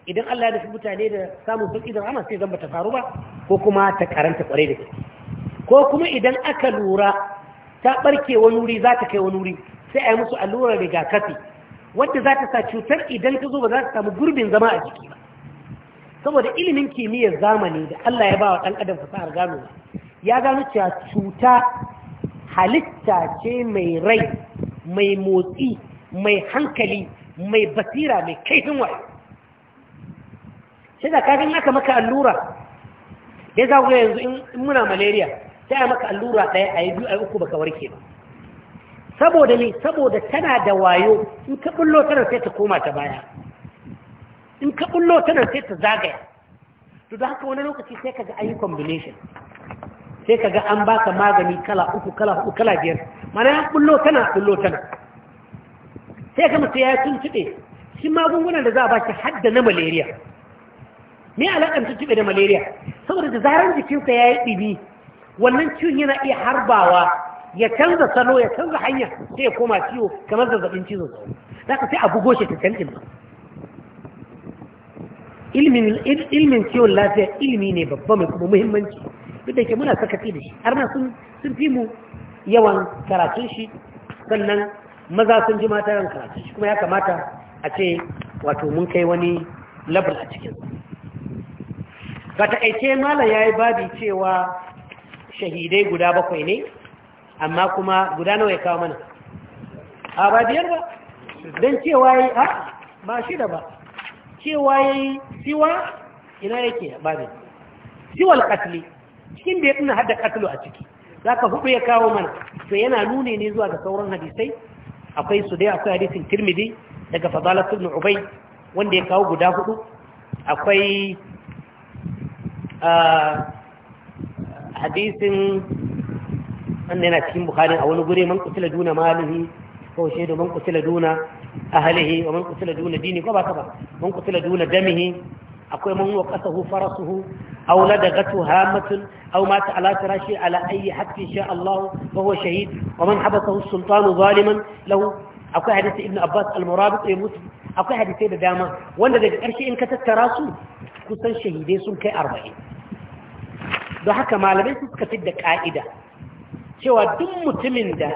idan Allah ya dafi mutane da samun sauki da rahama sai zan bata faru ba ko kuma ta karanta kwarai da ko kuma idan aka lura ta barke wani wuri za ta kai wani wuri sai a yi musu allurar rigakafi wadda za ta sa cutar idan ta zo ba za ta samu gurbin zama a jiki ba saboda ilimin kimiyyar zamani da Allah ya ba wa ɗan adam fasahar gano ya gano cewa cuta halitta ce mai rai mai motsi mai hankali mai basira mai kaifin wayo sai da kafin aka maka allura ya za ku yanzu in muna malaria sai a maka allura ɗaya a yi biyu a yi uku baka warke ba saboda ne saboda tana da wayo in ka bullo tana sai ta koma ta baya in ka bullo tana sai ta zagaya to da haka wani lokaci sai kaga an yi combination sai kaga an baka magani kala uku kala uku kala biyar mana ya bullo tana bullo tana sai ka mutu ya yi tuntuɗe shi magungunan da za a ba shi hadda na malaria me alaƙar tuttuɓe da malaria saboda da zarar jikinsa ya yi ɗimi wannan ciwon yana iya harbawa ya canza salo ya canza hanya sai ya koma ciwo kamar zazzabin cizon sauro za ka sai a bugo ta canjin ba ilmin ciwon lafiya ilimi ne babba mai kuma muhimmanci duk da ke muna sakaci da shi har na sun fi mu yawan karatun shi sannan maza sun ji mata yawan karatun shi kuma ya kamata a ce wato mun kai wani labar a cikin ga taƙaice malam ya yi babi cewa shahidai guda bakwai ne amma kuma guda nawa ya kawo mana a ba biyar ba don cewa yi a ba shida ba cewa yi siwa ina yake babin siwal katli cikin da ya tuna hada katlo a ciki za ka hudu ya kawo mana to yana nune ne zuwa ga sauran hadisai akwai su dai akwai hadisin tirmidhi daga fadalat ibn ubay wanda ya kawo guda hudu akwai hadisin wanda yana cikin bukharin a wani guri man kutila duna malihi ko shaidu man kutila duna ahlihi wa man kutila duna dini ko ba ka ba man kutila duna damihi akwai man waqasahu farasuhu aw ladagatu hamatun aw mata ala firashi ala ayi haqqi sha Allah wa huwa shahid wa man habasahu sultanu zaliman lahu akwai hadisi ibn abbas al-murabit ya mutu akwai hadisai da dama wanda daga ƙarshe in ka tattara su kusan shahidai sun kai arba'in don haka malamai su suka da ƙa'ida, cewa duk mutumin da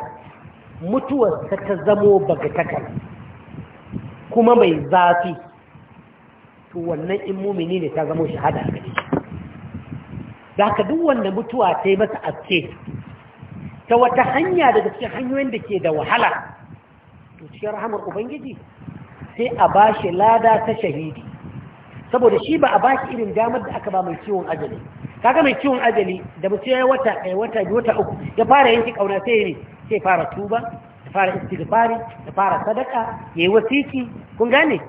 mutuwarsa ta zamo bagatakar kuma mai zafi to wannan in mumini ne ta zamo shahada a gari da haka duk wanda mutuwa ta yi masa aske ta wata hanya daga cikin hanyoyin da ke da wahala to cikin rahamar ubangiji sai a ba shi lada ta shahidi saboda shi ba a ba shi irin damar da aka ba mai ciwon ajali kaga mai ciwon ajali da mutum ya wata ɗaya wata biyu wata uku ya fara yanki kauna sai ne sai fara tuba ya fara istighfari ya fara sadaka ya yi wasiki kun gane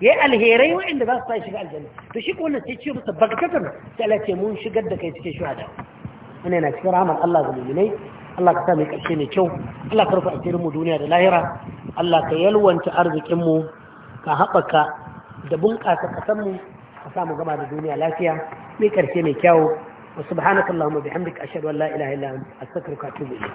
ya yi alherai waɗanda za su sa shiga aljanna to shi wannan sai ciwo musu bagtatar sai Allah ce mun shigar da kai cikin shuhada wannan yana cikin rahmar Allah ga mu'minai Allah ka sa mu karshe mai kyau Allah ka rufe asirin mu duniya da lahira Allah ka yalwanta arzikin mu ka haɓaka da bunƙasa ƙasar mu ka samu gaba da duniya lafiya mai karshe mai kyau wa subhanakallahumma bihamdika ashhadu an la ilaha illa anta astaghfiruka wa atubu ilayk